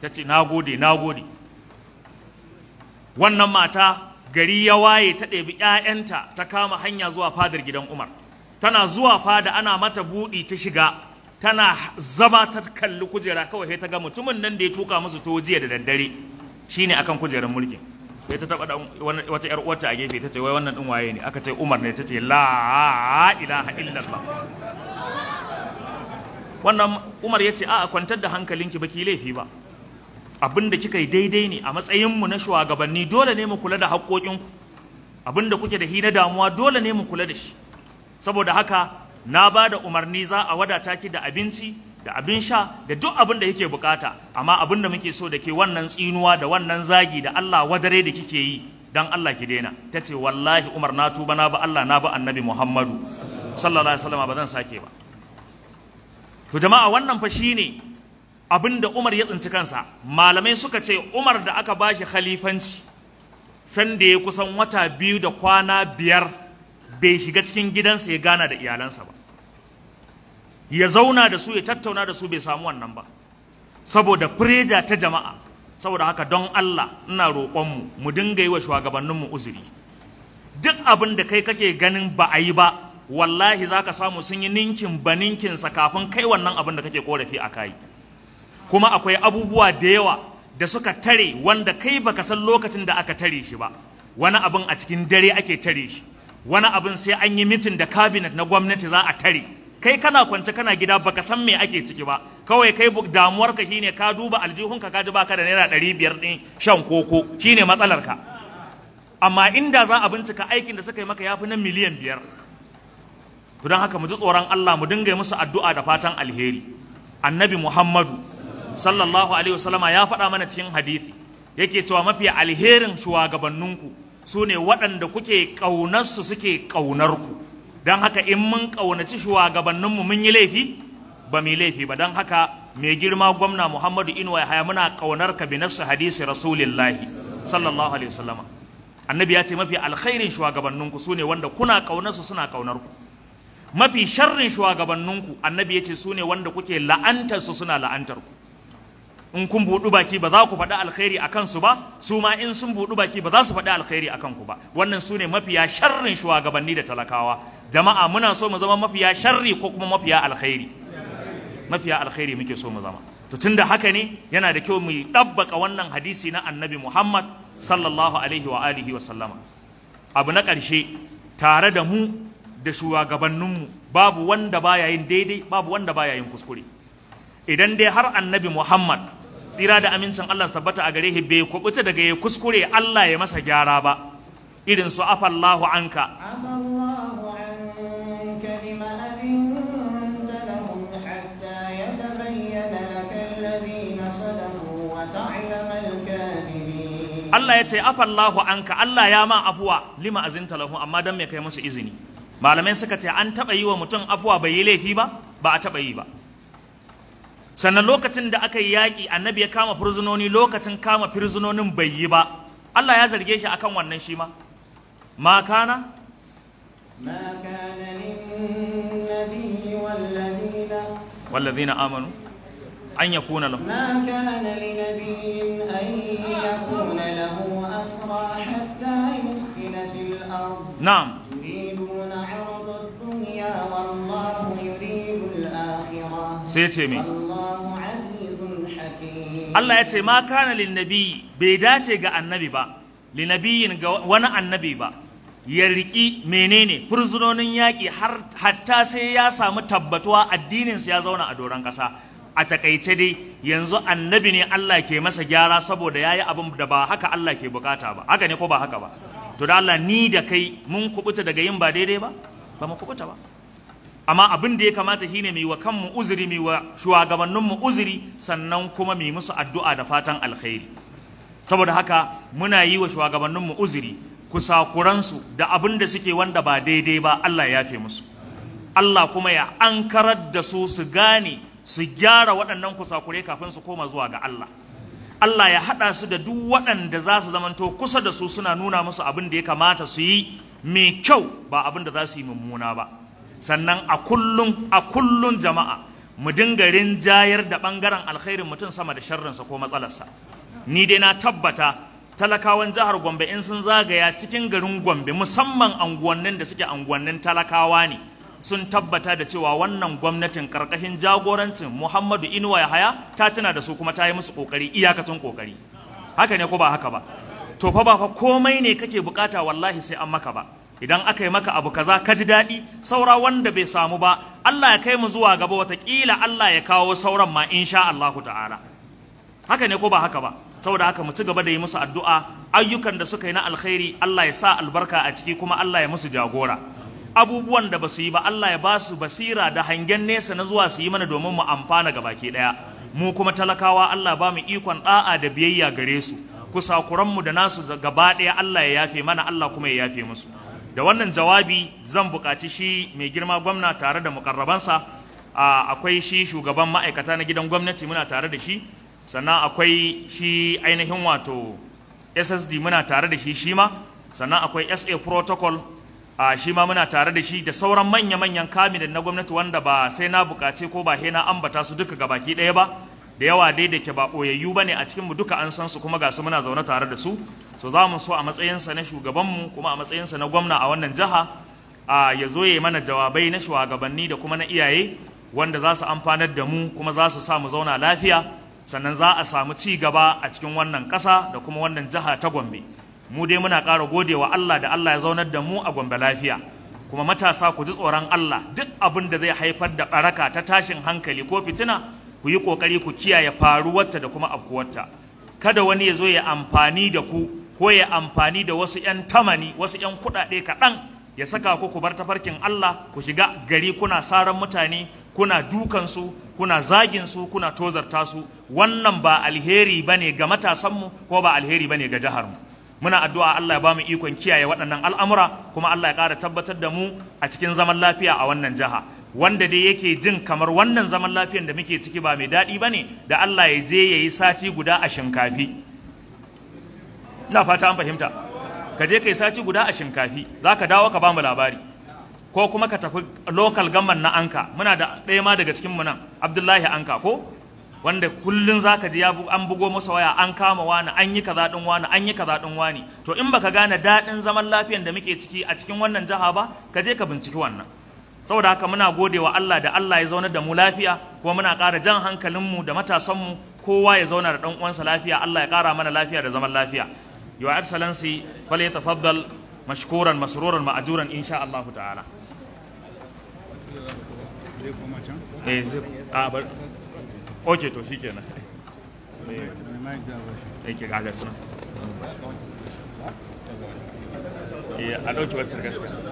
tace nagode nagode wannan mata gari ya waye ta ɗebi ƴaƴanta ta kama hanya zuwa fadar gidan Umar tana zuwa fada ana mata buɗi ta shiga tana zama ta kalli kujera kawai sai ta ga mutumin nan da ya tuka musu to jiya da daddare shine akan kujerar mulkin sai ta taba wata yar uwarta a gefe ta ce wai wannan din waye ne aka ce Umar ne ta la ilaha illallah wannan Umar ya ce a kwantar da hankalinki baki laifi ba Abinda da kika yi daidai ne a matsayin mu na shugabanni dole ne mu kula da haƙoƙinku abin da kuke da hina damuwa dole ne mu kula da shi saboda haka na bada umarni za a wadata ki da abinci da abin sha da duk abin da yake bukata amma abin da muke so da ke wannan tsinuwa da wannan zagi da Allah wadare da kike yi dan Allah ki daina ta ce wallahi Umar na tuba na ba Allah na ba annabi Muhammadu sallallahu alaihi wasallam ba zan sake ba to jama'a wannan fa shine abin da Umar ya tsinci kansa malamai suka ce Umar da aka bashi khalifanci sanda ya kusan wata biyu da kwana biyar bai shiga cikin gidansa ya gana da iyalansa ba ya zauna da su ya tattauna da su bai samu wannan ba saboda fureja ta jama'a saboda haka don Allah ina roƙonmu mu dinga yi wa shugabanninmu uzuri duk abin da kai kake ganin ba a yi ba wallahi za ka samu sun yi ninkin ba ninkinsa kafin kai wannan abin da kake korafi a kai kuma akwai abubuwa da yawa da suka tare wanda kai baka san lokacin da aka tare shi ba wani abin a cikin dare ake tare shi wani abin sai an yi mitin da cabinet na gwamnati za a tare kai kana kwance kana gida baka san me ake ciki ba kawai kai damuwarka shine ka duba aljihun ka ji baka da naira ɗari biyar ɗin shan koko shine matsalarka amma inda za a bincika aikin da suka yi maka yafi na miliyan biyar to don haka mu ji tsoron Allah mu dinga musu addu'a da fatan alheri annabi Muhammadu sallallahu alaihi wasallama ya faɗa mana cikin hadisi yake cewa mafi alherin shugabanninku su ne waɗanda kuke ƙaunarsu suke ƙaunarku don haka in mun ƙaunaci shugabanninmu mun yi laifi ba mu yi laifi ba don haka mai girma gwamna Muhammadu Inuwa ya haya muna ƙaunar ka bi hadisi Rasulillahi sallallahu alaihi wasallama annabi ya ce mafi alkhairin shugabanninku su ne wanda kuna ƙaunarsu suna ƙaunar ku mafi sharrin shugabanninku annabi ya ce su ne wanda kuke la'antarsu suna la'antar ku in kun buɗu baki ba za ku faɗi alkhairi a kansu ba su ma in sun buɗu baki ba za su faɗi alkhairi a kanku ba wannan su ne mafiya sharrin shugabanni da talakawa jama'a muna so mu zama mafiya sharri ko kuma mafiya alkhairi mafiya alkhairi muke so mu zama to tunda haka ne yana da kyau mu ɗabbaka wannan hadisi na annabi muhammad sallallahu alaihi wa alihi wa sallama abu na ƙarshe tare da mu da shugabanninmu babu wanda baya yin daidai babu wanda baya yin kuskure idan dai har annabi muhammad tsira da amincin Allah su tabbata a gare shi bai kubuta daga ya kuskure Allah ya masa gyara ba irin su afallahu anka Allah ya ce afallahu anka Allah ya ma afuwa lima azinta lahu amma dan me kai musu izini malamai suka ce an taba yi wa mutum afuwa bai yi laifi ba ba a taba yi ba sannan lokacin da aka yi yaƙi annabi ya kama firzinoni, lokacin kama firzinonin bai yi ba Allah ya zarge shi akan wannan shi ma ma kana
ma kana lin-nabiyyi wal-ladina
wal-ladina amanu an yakuna lahu ma
kana lin-nabiyyin an yakuna lahu asra hatta yuskhina fil ard na'am yuriduna 'arda ad-dunya wallahu yurid sai ce me Allah ya ce ma
kana lin bai dace ga annabi ba li ga wani annabi ba ya riki menene furzunonin yaƙi har hatta sai ya samu tabbatuwa addininsu ya zauna a doron ƙasa a takaice dai yanzu annabi ne Allah ke masa gyara saboda ya yi abin da ba haka Allah ke bukata ba haka ne ko ba haka ba to da Allah ni da kai mun kubuta daga yin ba daidai ba ba mu kubuta ba amma abin da ya kamata shine mai wa kanmu uzuri mai wa shugabanninmu uzuri sannan kuma mai musu addu'a da fatan alkhairi saboda haka muna yi wa shugabanninmu uzuri kusakuransu da abin da suke wanda ba daidai ba Allah ya fi musu Allah kuma ya ankarar da su su gane su gyara waɗannan kusakure kafin su koma zuwa ga Allah Allah ya haɗa su da duk waɗanda za su zamanto kusa da su suna nuna musu abin da ya kamata su yi mai kyau ba abin da za su yi mummuna ba sannan a kullum a kullum jama'a mu dinga rinjayar da bangaren alkhairin mutum sama da sharrinsa ko matsalarsa ni dai na tabbata talakawan jihar Gombe in sun zagaya cikin garin Gombe musamman anguwannin da suke anguwannin talakawa ne sun tabbata da cewa wannan gwamnatin karkashin jagorancin Muhammadu Inuwa Yahaya ta tuna da su kuma ta yi musu kokari iyakacin kokari haka ne ko ba haka ba to fa ba fa komai ne kake bukata wallahi sai an maka ba idan aka yi maka abu kaza ka ji daɗi saura wanda bai samu ba Allah ya kai mu zuwa gaba watakila Allah ya kawo sauran ma insha Allahu ta'ala haka ne ko ba haka ba saboda haka mu ci gaba da yi musu addu'a ayyukan da suka yi na alkhairi Allah ya sa albarka a ciki kuma Allah ya musu jagora abubuwan da ba su yi ba Allah ya ba su basira da hangen nesa na zuwa su yi mana domin mu amfana ga baki ɗaya mu kuma talakawa Allah ba mu ikon ɗa'a da biyayya gare su kusakuranmu da nasu gaba ɗaya Allah ya yafe mana Allah kuma ya yafe musu da wannan jawabi zan buƙaci shi mai girma gwamna tare da mukarrabansa akwai shi shugaban ma'aikata na gidan gwamnati muna tare da shi sannan akwai shi ainihin wato ssd muna tare da shi shi ma sannan akwai sa protocol a shi ma muna tare da shi da sauran manya-manyan kamilin na gwamnati wanda ba sai na buƙaci ko ba na ambata su duka gabaki ɗaya ba da yawa dai da ke ba ɓoyayyu ba ne a cikinmu duka an san su kuma ga su muna zaune tare da su so za mu so a matsayinsa na shugabanmu kuma a matsayinsa na gwamna a wannan jiha a ya zo ya mana jawabai na shugabanni da kuma na iyaye wanda za su amfanar da mu kuma za su sa mu zauna lafiya sannan za a samu ci gaba a cikin wannan ƙasa da kuma wannan jiha ta gombe mu dai muna ƙara gode wa allah da allah ya zaunar da mu a gombe lafiya kuma matasa ku ji tsoron allah duk abin da zai haifar da ɓaraka ta tashin hankali ko fitina ku yi kokari ku kiyaye faruwarta da kuma afkuwarta kada wani ya zo ya amfani da ku ko ya amfani da wasu yan tamani wasu yan kuɗaɗe kaɗan ya saka ku ku bar tafarkin Allah ku shiga gari kuna saran mutane kuna dukansu kuna zagin su kuna tozarta su wannan ba alheri bane ga matasanmu ko ba alheri bane ga jihar mu muna addu'a Allah ya mu ikon kiyaye waɗannan al'amura kuma Allah ya ƙara tabbatar da mu a cikin zaman lafiya a wannan jiha wanda dai yake jin kamar wannan zaman lafiyan da muke ciki ba mai daɗi ba ne da Allah ya je ya yi sati guda a shinkafi ina fata an fahimta ka je ka yi sati guda a shinkafi za ka dawo ka ba mu labari ko kuma ka tafi lokal gamman na anka muna da ɗaya ma daga cikin mu nan abdullahi anka ko wanda kullun za ka ji ya an bugo masa waya an kama wani an yi kaza ɗin wani an yi kaza ɗin wani to in baka gane daɗin zaman lafiyan da muke ciki a cikin wannan jiha ba ka je ka binciki wannan saboda haka muna gode wa Allah da Allah ya zauna da mu lafiya kuma muna ƙara jan hankalinmu da matasanmu kowa ya zauna da ɗan uwansa lafiya Allah ya ƙara mana lafiya da zaman lafiya your excellency fale tafaddal mashkuran masruran ma'ajuran insha Allah ta'ala
eh,
oke to shi kenan. ke ga gaskiya
eh a dauki wacce gaskiya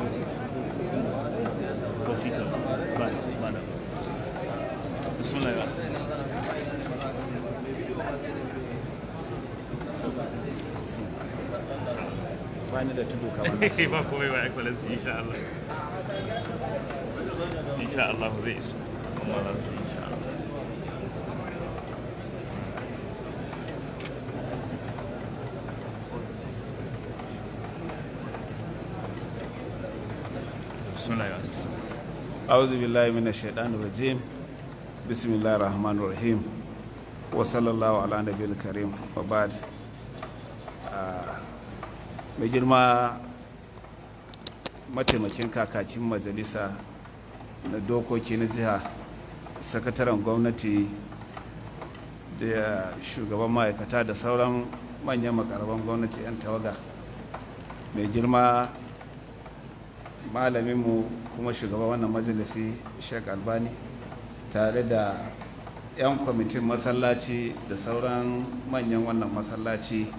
ba der da tudu kamar ba komai ba excellency insha Allah insha Allah zai iso kuma za su insha Allah
بسم أعوذ بالله من الشيطان الرجيم بسم الله الرحمن الرحيم وصلى الله على نبي الكريم وبعد mai girma mataimakin kakacin majalisa na dokoki na jiha sakataren gwamnati da shugaban ma'aikata da sauran manyan makaraban gwamnati 'yan tawaga mai girma malaminmu kuma shugaban wannan majalisi sheik albani tare da 'yan kwamitin masallaci da sauran manyan wannan masallaci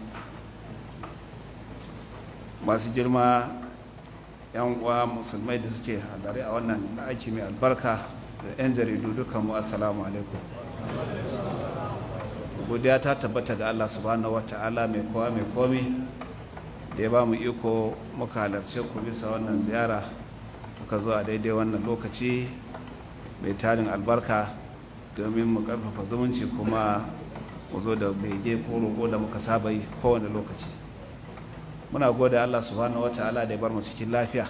masu girma yan uwa musulmai da suke hadari a wannan aiki mai albarka da yan jaridu dukan mu assalamu alaikum godiya ta tabbata ga Allah subhanahu ta'ala mai kowa mai komi da ya ba mu iko muka halarce ku bisa wannan ziyara muka zo a daidai wannan lokaci mai tarin albarka domin mu karfafa zumunci kuma mu zo da bege ko roƙo da muka saba yi kowane lokaci muna gode Allah subhanahu wataala da ya bar mu cikin lafiya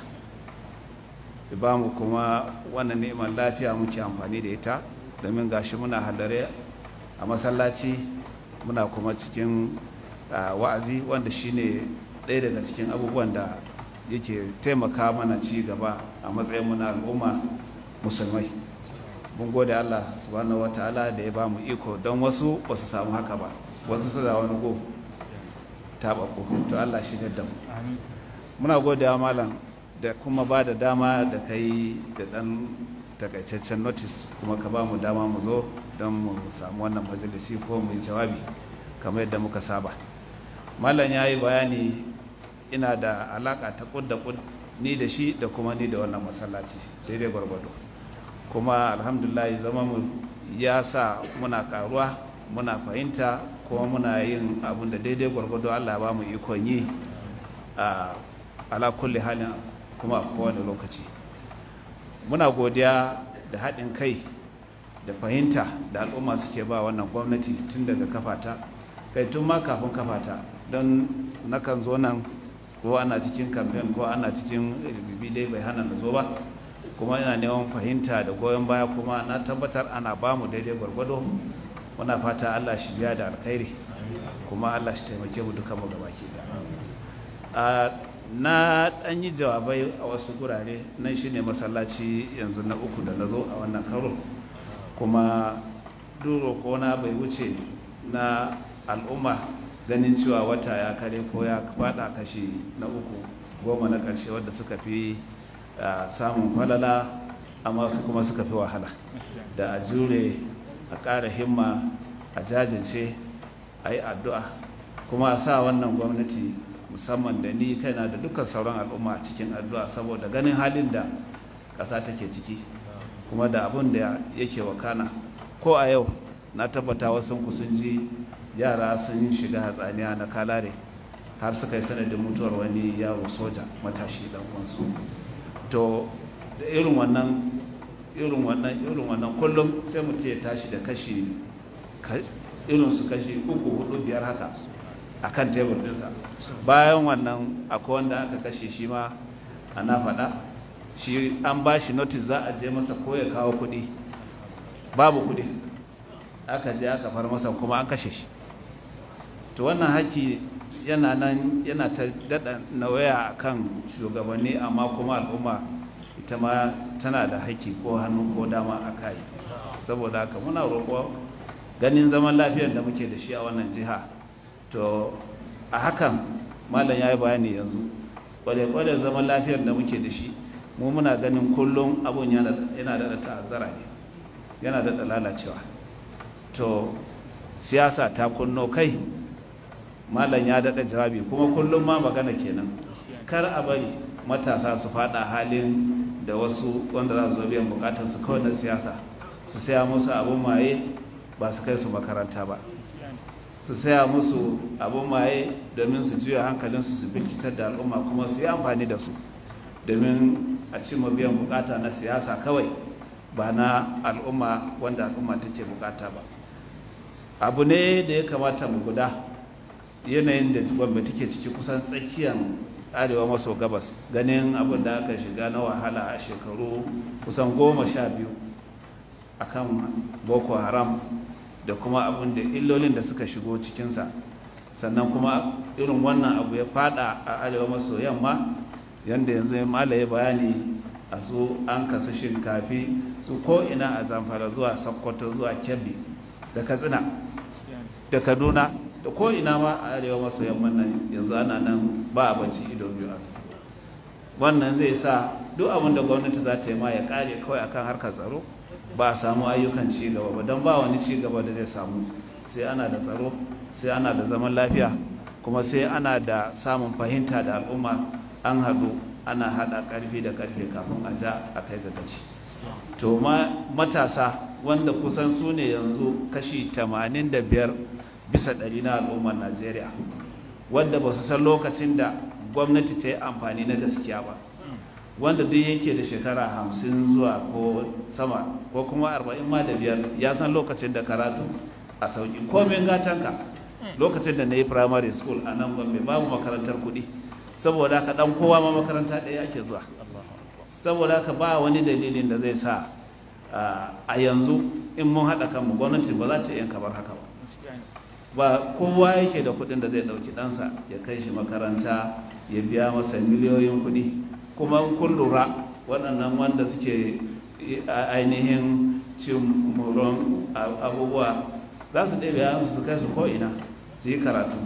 ya ba mu kuma wannan neman lafiya muke amfani da ita domin gashi muna hadare a masallaci muna kuma cikin wa'azi wanda shine ɗaya daga cikin abubuwan da yake taimaka mana ci gaba a matsayin muna al'umma musulmai mun gode Allah subhanahu wataala da ya ba mu iko don wasu ba su samu haka ba wasu su da wani go taɓaɓɓu to Allah shi da mu muna godewa malam da kuma ba da dama da kayi da ɗan takaitaccen notice kuma ka ba mu dama mu zo don mu samu wannan majalisi ko mu yi jawabi kamar yadda muka saba malam ya yi bayani ina da alaka ta kud da kud ni da shi da kuma ni da wannan masallaci daidai gwargwado kuma alhamdulillah zama mu ya sa muna karuwa muna fahimta kuma muna yin abin da daidai gwargwado allah ba mu ikon yi a ala kulli halin kuma a kowane lokaci muna godiya da haɗin kai da fahimta da al'umma suke ba wannan gwamnati tun daga kafata kai tun ma kafin kafata don nakan zo nan ko ana cikin kamfen ko ana cikin bibi dai bai hana na zo ba kuma ina neman fahimta da goyon baya kuma na tabbatar ana ba mu daidai gwargwado muna fata Allah shi biya da alkhairi kuma Allah shi taimake mu duka mu gabaki da na dan yi jawabai a wasu gurare nan shine masallaci yanzu na uku da na zo a wannan karo kuma duro kona bai wuce na al'umma ganin cewa wata ya kare ko ya fada kashi na uku goma na karshe wadda suka fi samun falala amma su kuma suka fi wahala da a jure a ƙara himma a jajince a yi addu'a kuma a sa wannan gwamnati musamman da ni kaina da dukkan sauran al'umma a cikin addu'a saboda ganin halin da ƙasa take ciki kuma da abun da yake wakana ko a yau na tabbata wasu sun ji yara sun yi shiga hatsaniya na kalare har suka yi sanadin mutuwar wani yawon soja matashi dan wansu to irin wannan irin wannan irin wannan kullum sai mutum ya tashi da kashi irin su kashi uku hudu biyar haka a kan tebur dinsa bayan wannan akwai wanda aka kashe shi ma ana faɗa shi an ba shi notice za a je masa ko ya kawo kuɗi babu kuɗi aka je aka far masa kuma an kashe shi to wannan haƙƙi yana nan yana ta daɗa nawaya a kan shugabanni amma kuma al'umma ita ma tana da haƙƙi ko hannu ko dama a kai saboda haka muna roƙo ganin zaman lafiyar da muke da shi a wannan jiha to a hakan malam ya yi bayani yanzu kwale-kwale zaman lafiyar da muke da shi mu muna ganin kullum abun yana da ta'azzara ne yana da lalacewa to siyasa ta kunno kai malam ya daɗa jawabi kuma kullum ma magana kenan kar a bari matasa su faɗa halin da wasu wanda za su zo biyan bukatar su kawai na siyasa su saya musu abin maye ba su kai su makaranta ba su saya musu abin maye domin su juya hankalinsu su bikitar da al'umma kuma su yi amfani da su domin a ma biyan bukata na siyasa kawai ba na al'umma wanda al'umma ta ce bukata ba abu ne da ya kamata mu guda yanayin da gwamnati take ciki kusan tsakiyar arewa maso gabas ganin abin da aka shiga na wahala a shekaru kusan goma sha biyu a kan boko haram da kuma abin da illolin da suka shigo cikinsa sannan kuma irin wannan abu ya fada a arewa maso yamma yadda yanzu ya malaye bayani a su an kasu shinkafi su ko'ina a zamfara zuwa sokoto zuwa kebbi da katsina da kaduna da ko ina ma a arewa maso yamman nan yanzu ana nan ba a bacci ido biyu a wannan zai sa duk abin da gwamnati za ta yi ma ya kare kawai akan harkar tsaro ba a samu ayyukan ci gaba ba don ba wani ci gaba da zai samu sai ana da tsaro sai ana da zaman lafiya kuma sai ana da samun fahimta da al'umma an haɗu ana haɗa ƙarfi da ƙarfe kafin a ja a kai ga gaci to matasa wanda kusan su ne yanzu kashi 85 bisa ɗari na al'ummar najeriya wanda ba su san lokacin da gwamnati ta yi amfani na gaskiya ba wanda duk yake da shekara hamsin zuwa ko sama ko kuma arba'in ma da biyar ya san lokacin da karatu a sauƙi komin gatanka lokacin da na yi primary school a nan gombe babu makarantar kuɗi saboda ka ɗan kowa ma makaranta ɗaya ake zuwa saboda ka ba wani dalilin da zai sa ah, a yanzu in mun haɗa kanmu gwamnati ba za ta yanka kamar haka ba ba kowa yake da kuɗin da zai ɗauki ɗansa ya kai shi makaranta ya biya masa miliyoyin kuɗi kuma kun lura waɗannan wanda suke eh, ainihin cin muron abubuwa za su ɗebe yansu su kai su ko'ina su yi karatu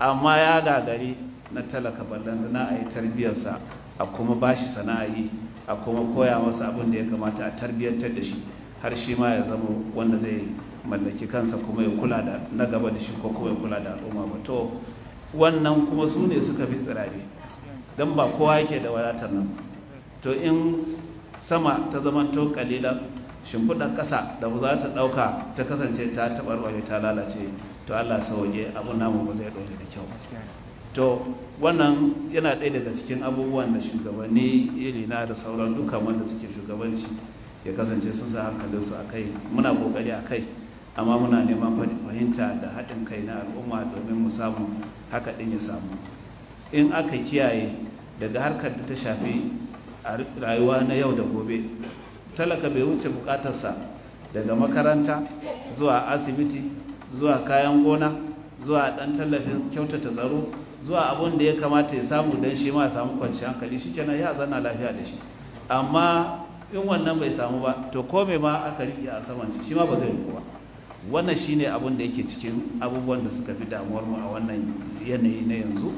amma ya gagari na talaka ballon na a yi tarbiyyarsa a kuma ba shi sana'a yi a kuma koya masa abin da ya kamata a tarbiyyantar da shi har shi ma ya zama wanda zai yi. mallaki kansa kuma ya kula da na gaba da shi ko kuma ya kula da al'umma ba to wannan kuma su ne suka fi tsirari don ba kowa yake da wadatar nan to in sama ta zama to kalilan shimfiɗar ƙasa da za ta ɗauka ta kasance ta taɓarɓare ta lalace to allah sauye abu namu ba zai ɗauke da kyau to wannan yana ɗaya daga cikin abubuwan da shugabanni na da sauran duka wanda suke shugabanci ya kasance sun sa hankalinsu a kai muna ƙoƙari a kai amma muna neman fahimta da haɗin kai na al'umma domin mu samu haka ɗin ya samu in aka kiyaye daga harkar da ta shafi rayuwa na yau da gobe talaka bai wuce bukatarsa daga makaranta zuwa asibiti zuwa kayan gona zuwa ɗan tallafin kyautata tsaro zuwa abun da ya kamata ya samu don shi ma samu kwanci hankali shi kenan ya zana lafiya da shi amma in wannan bai samu ba to kome ma aka riƙe a saman shi ma ba zai ba. wannan shi ne abin da yake cikin abubuwan da suka fi damuwar mu a wannan yanayi na yanzu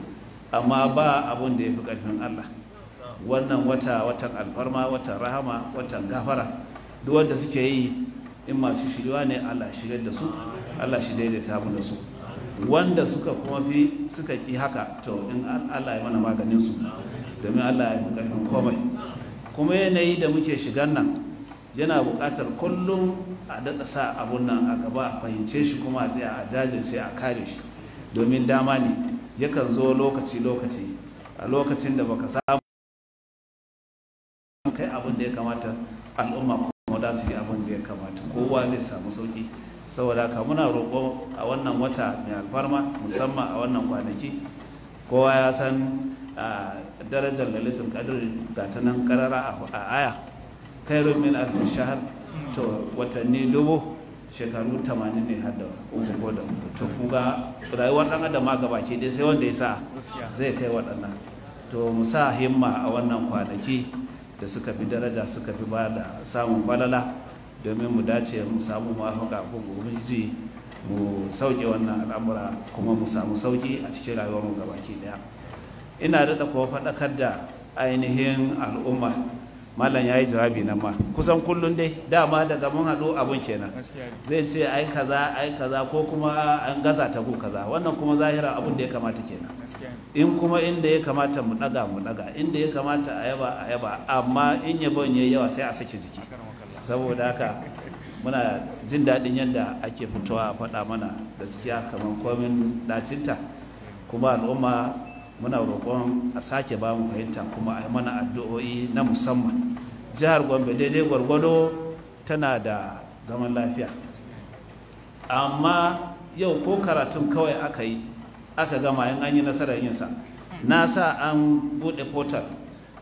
amma ba abin da ya fi ƙarfin Allah wannan wata watan alfarma watan rahama watan gafara duk wanda suke yi in masu shiriwa ne Allah shirya da su Allah shi daidaita mu da su wanda suka kuma fi suka ki haka to in Allah ya mana maganin su domin Allah ya fi ƙarfin komai kuma yanayi da muke shigan nan yana buƙatar kullum a daɗa sa abun nan a gaba a fahimce shi kuma a tsaye a jajirce a kare shi domin dama ne yakan zo lokaci-lokaci a lokacin da baka samu kai abin da ya kamata al'umma kuma za su yi abin da ya kamata kowa zai samu sauƙi saboda ka muna roƙo a wannan wata mai alfarma musamman a wannan kwanaki kowa ya san ah, darajar lalitin ƙadar ga ta nan a aya kairu min alf shahr to watanni dubu shekaru 80 ne har da ko da to kuga rayuwar dan adam ma gabaki dai sai wanda ya sa zai kai waɗannan to mu sa himma a wannan kwanaki da suka fi daraja suka fi ba da samun falala domin mu dace mu samu mafaka ko ubangiji mu sauke wannan al'amura kuma mu samu sauki a cikin rayuwar mu gabaki daya ina daɗa kuma faɗakar da ainihin al'umma malam ya yi jawabi nan ma kusan kullum dai dama daga mun hadu abun kenan zai ce ai kaza ai kaza ko kuma an gaza ta ku kaza wannan kuma zahira abun da ya kamata kenan in kuma inda ya kamata mu daga mu daga inda ya kamata a yaba a yaba amma in yabon yayi yawa sai a saki jiki saboda haka muna jin daɗin yadda ake fitowa faɗa mana gaskiya kamar komin ɗacinta kuma al'umma muna roƙon a sake ba mu fahimta kuma a mana addu'o'i na musamman jihar gombe daidai gwargwado tana da zaman lafiya amma yau ko karatun kawai aka yi aka gama yin an yi nasarar yinsa na sa an buɗe portal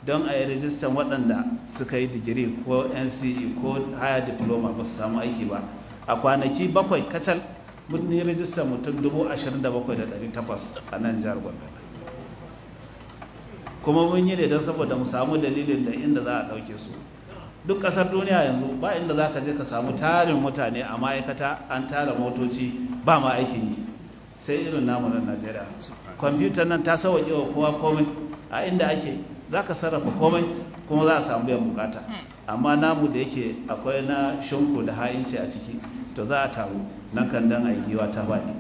don a yi rajistan waɗanda suka yi digiri ko nce ko haya diploma ba su samu aiki ba a kwanaki bakwai kacal mun yi rajistan mutum 27,800 a nan jihar gombe kuma mun yi ne don saboda mu samu dalilin da inda za a ɗauke su duk ƙasar duniya yanzu ba inda za ka je ka samu tarin mutane a ma'aikata an tara motoci ba ma aikin yi sai irin namu na najeriya kwamfutar nan ta sauwaƙe wa kowa komai a inda ake za ka sarrafa komai kuma za a samu yan bukata amma namu da yake akwai na shinku da ha'inci a ciki to za a taru nan kan dan a ta baɗi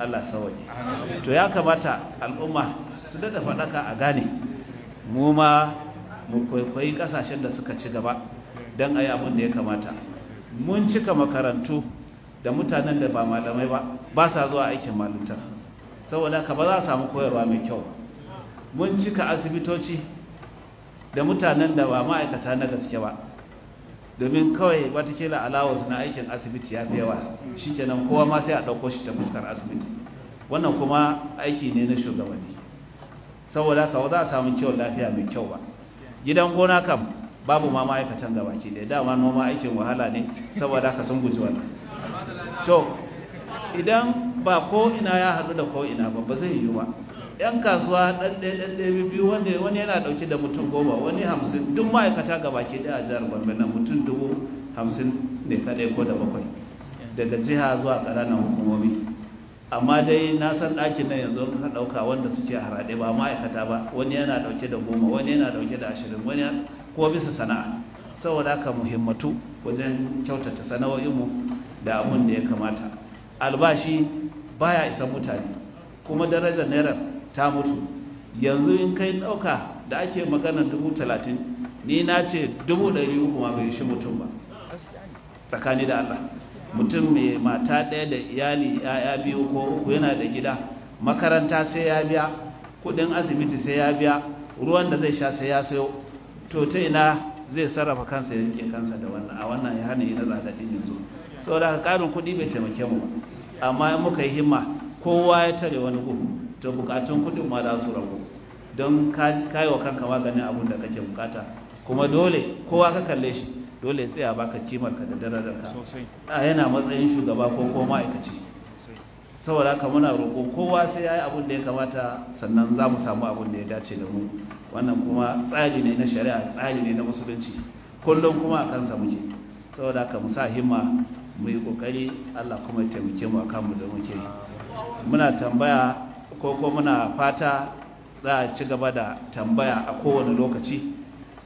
allah sauwaƙe to ya kamata al'umma su daɗa faɗaka a gane mu ma mu kwaikwayi kasashen da suka ci gaba don a yi abin da ya kamata mun cika makarantu da mutanen da ba malamai ba ba sa zuwa aikin malinta saboda ka ba za a samu koyarwa mai kyau mun cika asibitoci da mutanen da ba ma'aikata na gaske ba domin kawai watakila alawas na aikin asibiti ya fi yawa shi kenan kowa ma sai a ɗauko shi ta fuskar asibiti wannan kuma aiki ne na shugabanni saboda haka za a samu kiwon lafiya mai kyau ba gidan gona kam babu ma ma'aikatan da baki da dama noma aikin wahala ne saboda haka sun guji wannan to idan ba ko ina ya haɗu da ko ina ba ba zai yiwu ba yan kasuwa ɗan ɗaya ɗan ɗaya biyu wanda wani yana ɗauke da mutum goma wani hamsin duk ma'aikata ga baki ɗaya a jihar gombe na mutum dubu hamsin ne kaɗai ko da bakwai daga jiha zuwa ƙananan hukumomi amma dai na san ɗakin nan yanzu ka ɗauka wanda suke haraɗe ba ma'aikata ba wani yana ɗauke da goma wani yana ɗauke da ashirin wani ko bisa sana'a saboda haka muhimmatu wajen kyautata sana'o'inmu da abun da ya kamata albashi baya isan mutane kuma darajar naira ta mutu yanzu in kai ɗauka da ake magana dubu talatin ni na ce dubu ɗari uku ma bai shi mutum ba tsakani da allah mutum mai mata ɗaya da iyali ya biyu ko uku yana da gida makaranta sai ya biya kuɗin asibiti sai ya biya ruwan da zai sha sai ya sayo to ta ina zai sarrafa kansa ya rike kansa da wannan a wannan ya hana na zaɗaɗin yanzu saboda haka ƙarin kuɗi bai taimake mu amma in muka yi himma kowa ya tare wani gu to buƙatun kuɗin ma za su rabu. don ka wa kanka maganin abin da kake bukata kuma dole kowa ka kalle shi dole sai a baka kimar ka da darajarka a yana matsayin shugaba ko ko ma'aikaci saboda haka muna roƙo kowa sai ya yi abin da ya kamata sannan za mu samu abin da ya dace da mu wannan kuma tsari ne na shari'a tsari ne na musulunci kullum kuma a kansa muke saboda haka mu sa himma mu yi kokari Allah kuma ya taimake mu akan mu da muke muna tambaya ko ko muna fata za a ci gaba da tambaya a kowane lokaci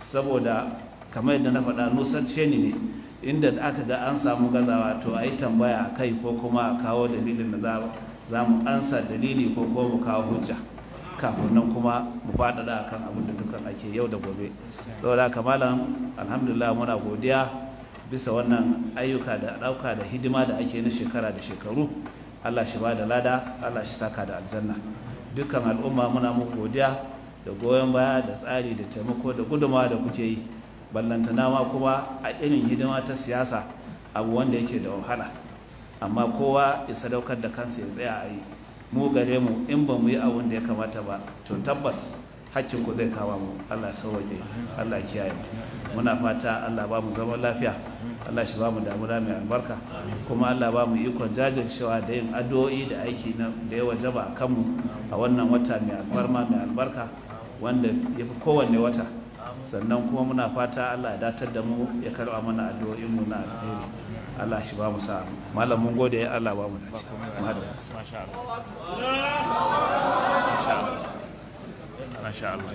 saboda kamar yadda na faɗa nusar sheni ne inda aka ga an samu gazawa to a yi tambaya a kai ko kuma a kawo dalilin da za mu ansa dalili ko kuma mu kawo hujja kafin nan kuma mu faɗaɗa kan abin da dukkan ake yau da gobe saboda kamalan alhamdulillah muna godiya bisa wannan ayyuka da ɗauka da hidima da ake na shekara da shekaru allah shi ba da lada allah shi saka da aljanna dukkan al'umma muna muku godiya da goyon baya da tsari da taimako da gudumawa da kuke yi ballantana ma kuma a irin hidima ta siyasa abu wanda yake da wahala amma kowa ya sadaukar da kansa ya tsaya a yi mu gare mu in ba mu yi abin da ya kamata ba to tabbas hakkin ku zai kawo mu Allah sauke Allah kiyaye muna fata Allah ba mu zaman lafiya Allah shi ba mu damuna mai albarka kuma Allah ba mu ikon jajircewa da yin addu'o'i da aiki na da yawa wajaba a kanmu a wannan wata mai alfarma mai albarka wanda ya fi kowanne wata sannan kuma muna fata Allah ya datar da mu ya karba mana addu'o'in mu na alheri Allah shi ba mu sa malam mun gode ya Allah ba mu dace masha
Allah
masha Allah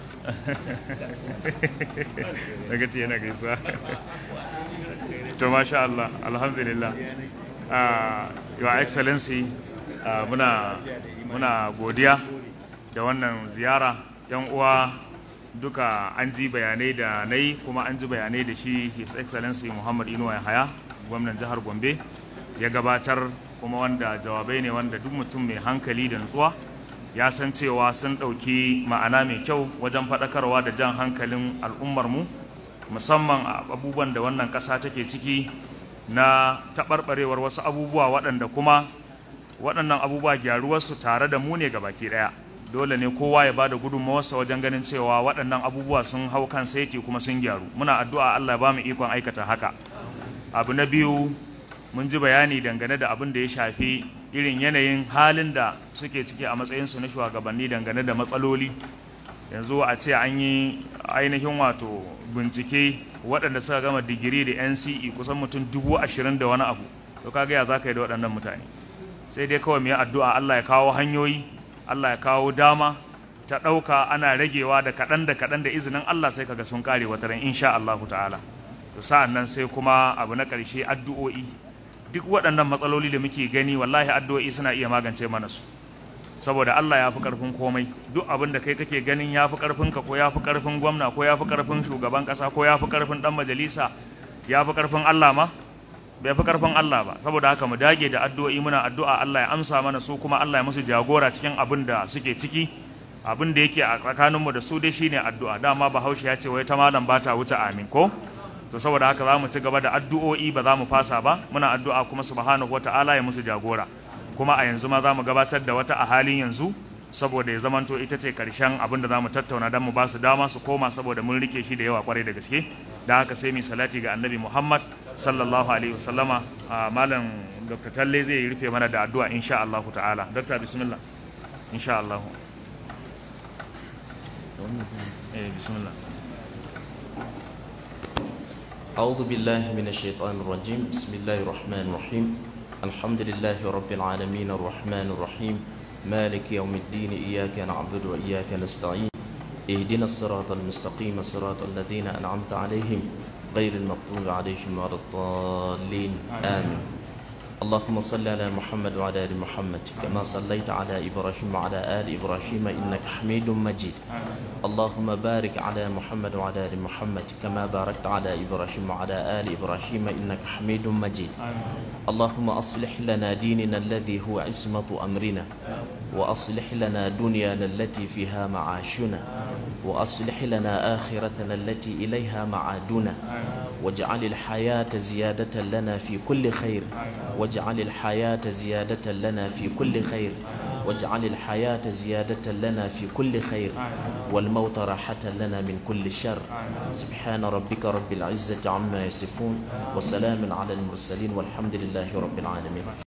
daga
ce yana gaisa to masha Allah alhamdulillah uh, your excellency ah, muna muna godiya da wannan ziyara yan uwa duka an ji bayanai da na yi kuma an ji bayanai da shi his excellency muhammad inuwa yahaya gwamnan jihar gombe ya gabatar kuma wanda jawabai ne wanda duk mutum mai hankali da nutsuwa ya san cewa sun ɗauki ma'ana mai kyau wajen faɗakarwa da jan hankalin al'ummarmu musamman a abubuwan da wannan ƙasa take ciki na taɓarɓarewar wasu abubuwa waɗanda kuma waɗannan abubuwa gyaruwarsu tare da mu ne ga baki ɗaya dole ne kowa ya bada gudunmawarsa wajen ganin cewa waɗannan abubuwa sun hau kan saiti kuma sun gyaru muna addu'a Allah ba mu ikon aikata haka abu na biyu mun ji bayani dangane da abin da ya shafi irin yanayin halin da suke ciki a matsayin su na shugabanni dangane da matsaloli yanzu a ce an yi ainihin wato bincike waɗanda suka gama digiri da nce kusan mutum dubu ashirin da wani abu to kaga ya za ka yi da waɗannan mutane sai dai kawai mu yi addu'a Allah ya kawo hanyoyi Allah ya kawo dama ta ɗauka ana ragewa da kaɗan da kaɗan da izinin Allah sai kaga sun kare wata ran insha Allahu ta'ala to sa'an nan sai kuma abu na ƙarshe addu'o'i duk waɗannan matsaloli da muke gani wallahi addu'o'i suna iya magance mana su saboda Allah ya fi ƙarfin komai duk abin da kai kake ganin ya fi ƙarfin ka ko ya fi ƙarfin gwamna ko ya fi ƙarfin shugaban ƙasa ko ya fi ƙarfin ɗan majalisa ya fi ƙarfin Allah ma bai fi karfin Allah ba saboda haka mu dage da addu'o'i muna addu'a Allah ya amsa mana su kuma Allah ya musu jagora cikin abin da suke ciki abin da yake a tsakanin mu da su dai shine addu'a dama Bahaushe ya ce wai ta malam ba ta wuce amin ko to saboda haka za mu ci gaba da addu'o'i ba za mu fasa ba muna addu'a kuma subhanahu wata'ala ya musu jagora kuma a yanzu ma za mu gabatar da wata a halin yanzu saboda ya zamanto ita ce karshen abin da za mu tattauna don mu ba su dama su koma saboda mun rike shi da yawa kwarai da gaske da haka sai mu salati ga annabi Muhammad sallallahu alaihi wasallama malam Dr. Talle zai yi rufe mana da addu'a insha Allah ta'ala Dr. bismillah insha Allah
eh bismillah أعوذ بالله من الشيطان الرجيم بسم الله الرحمن الرحيم الحمد لله رب العالمين الرحمن الرحيم مالك يوم الدين إياك نعبد وإياك نستعين اهدنا الصراط المستقيم صراط الذين أنعمت عليهم غير المغضوب عليهم ولا الضالين آمين اللهم صل على محمد وعلى آل محمد كما صليت على إبراهيم وعلى آل إبراهيم إنك حميد مجيد اللهم بارك على محمد وعلى آل محمد كما باركت على إبراهيم وعلى آل إبراهيم إنك حميد مجيد اللهم أصلح لنا ديننا الذي هو عصمة أمرنا وأصلح لنا دنيانا التي فيها معاشنا وأصلح لنا آخرتنا التي إليها معادنا واجعل الحياة زيادة لنا في كل خير واجعل الحياة زيادة لنا في كل خير واجعل الحياة زيادة لنا في كل خير والموت راحة لنا من كل شر سبحان ربك رب العزة عما يصفون وسلام على المرسلين والحمد لله رب العالمين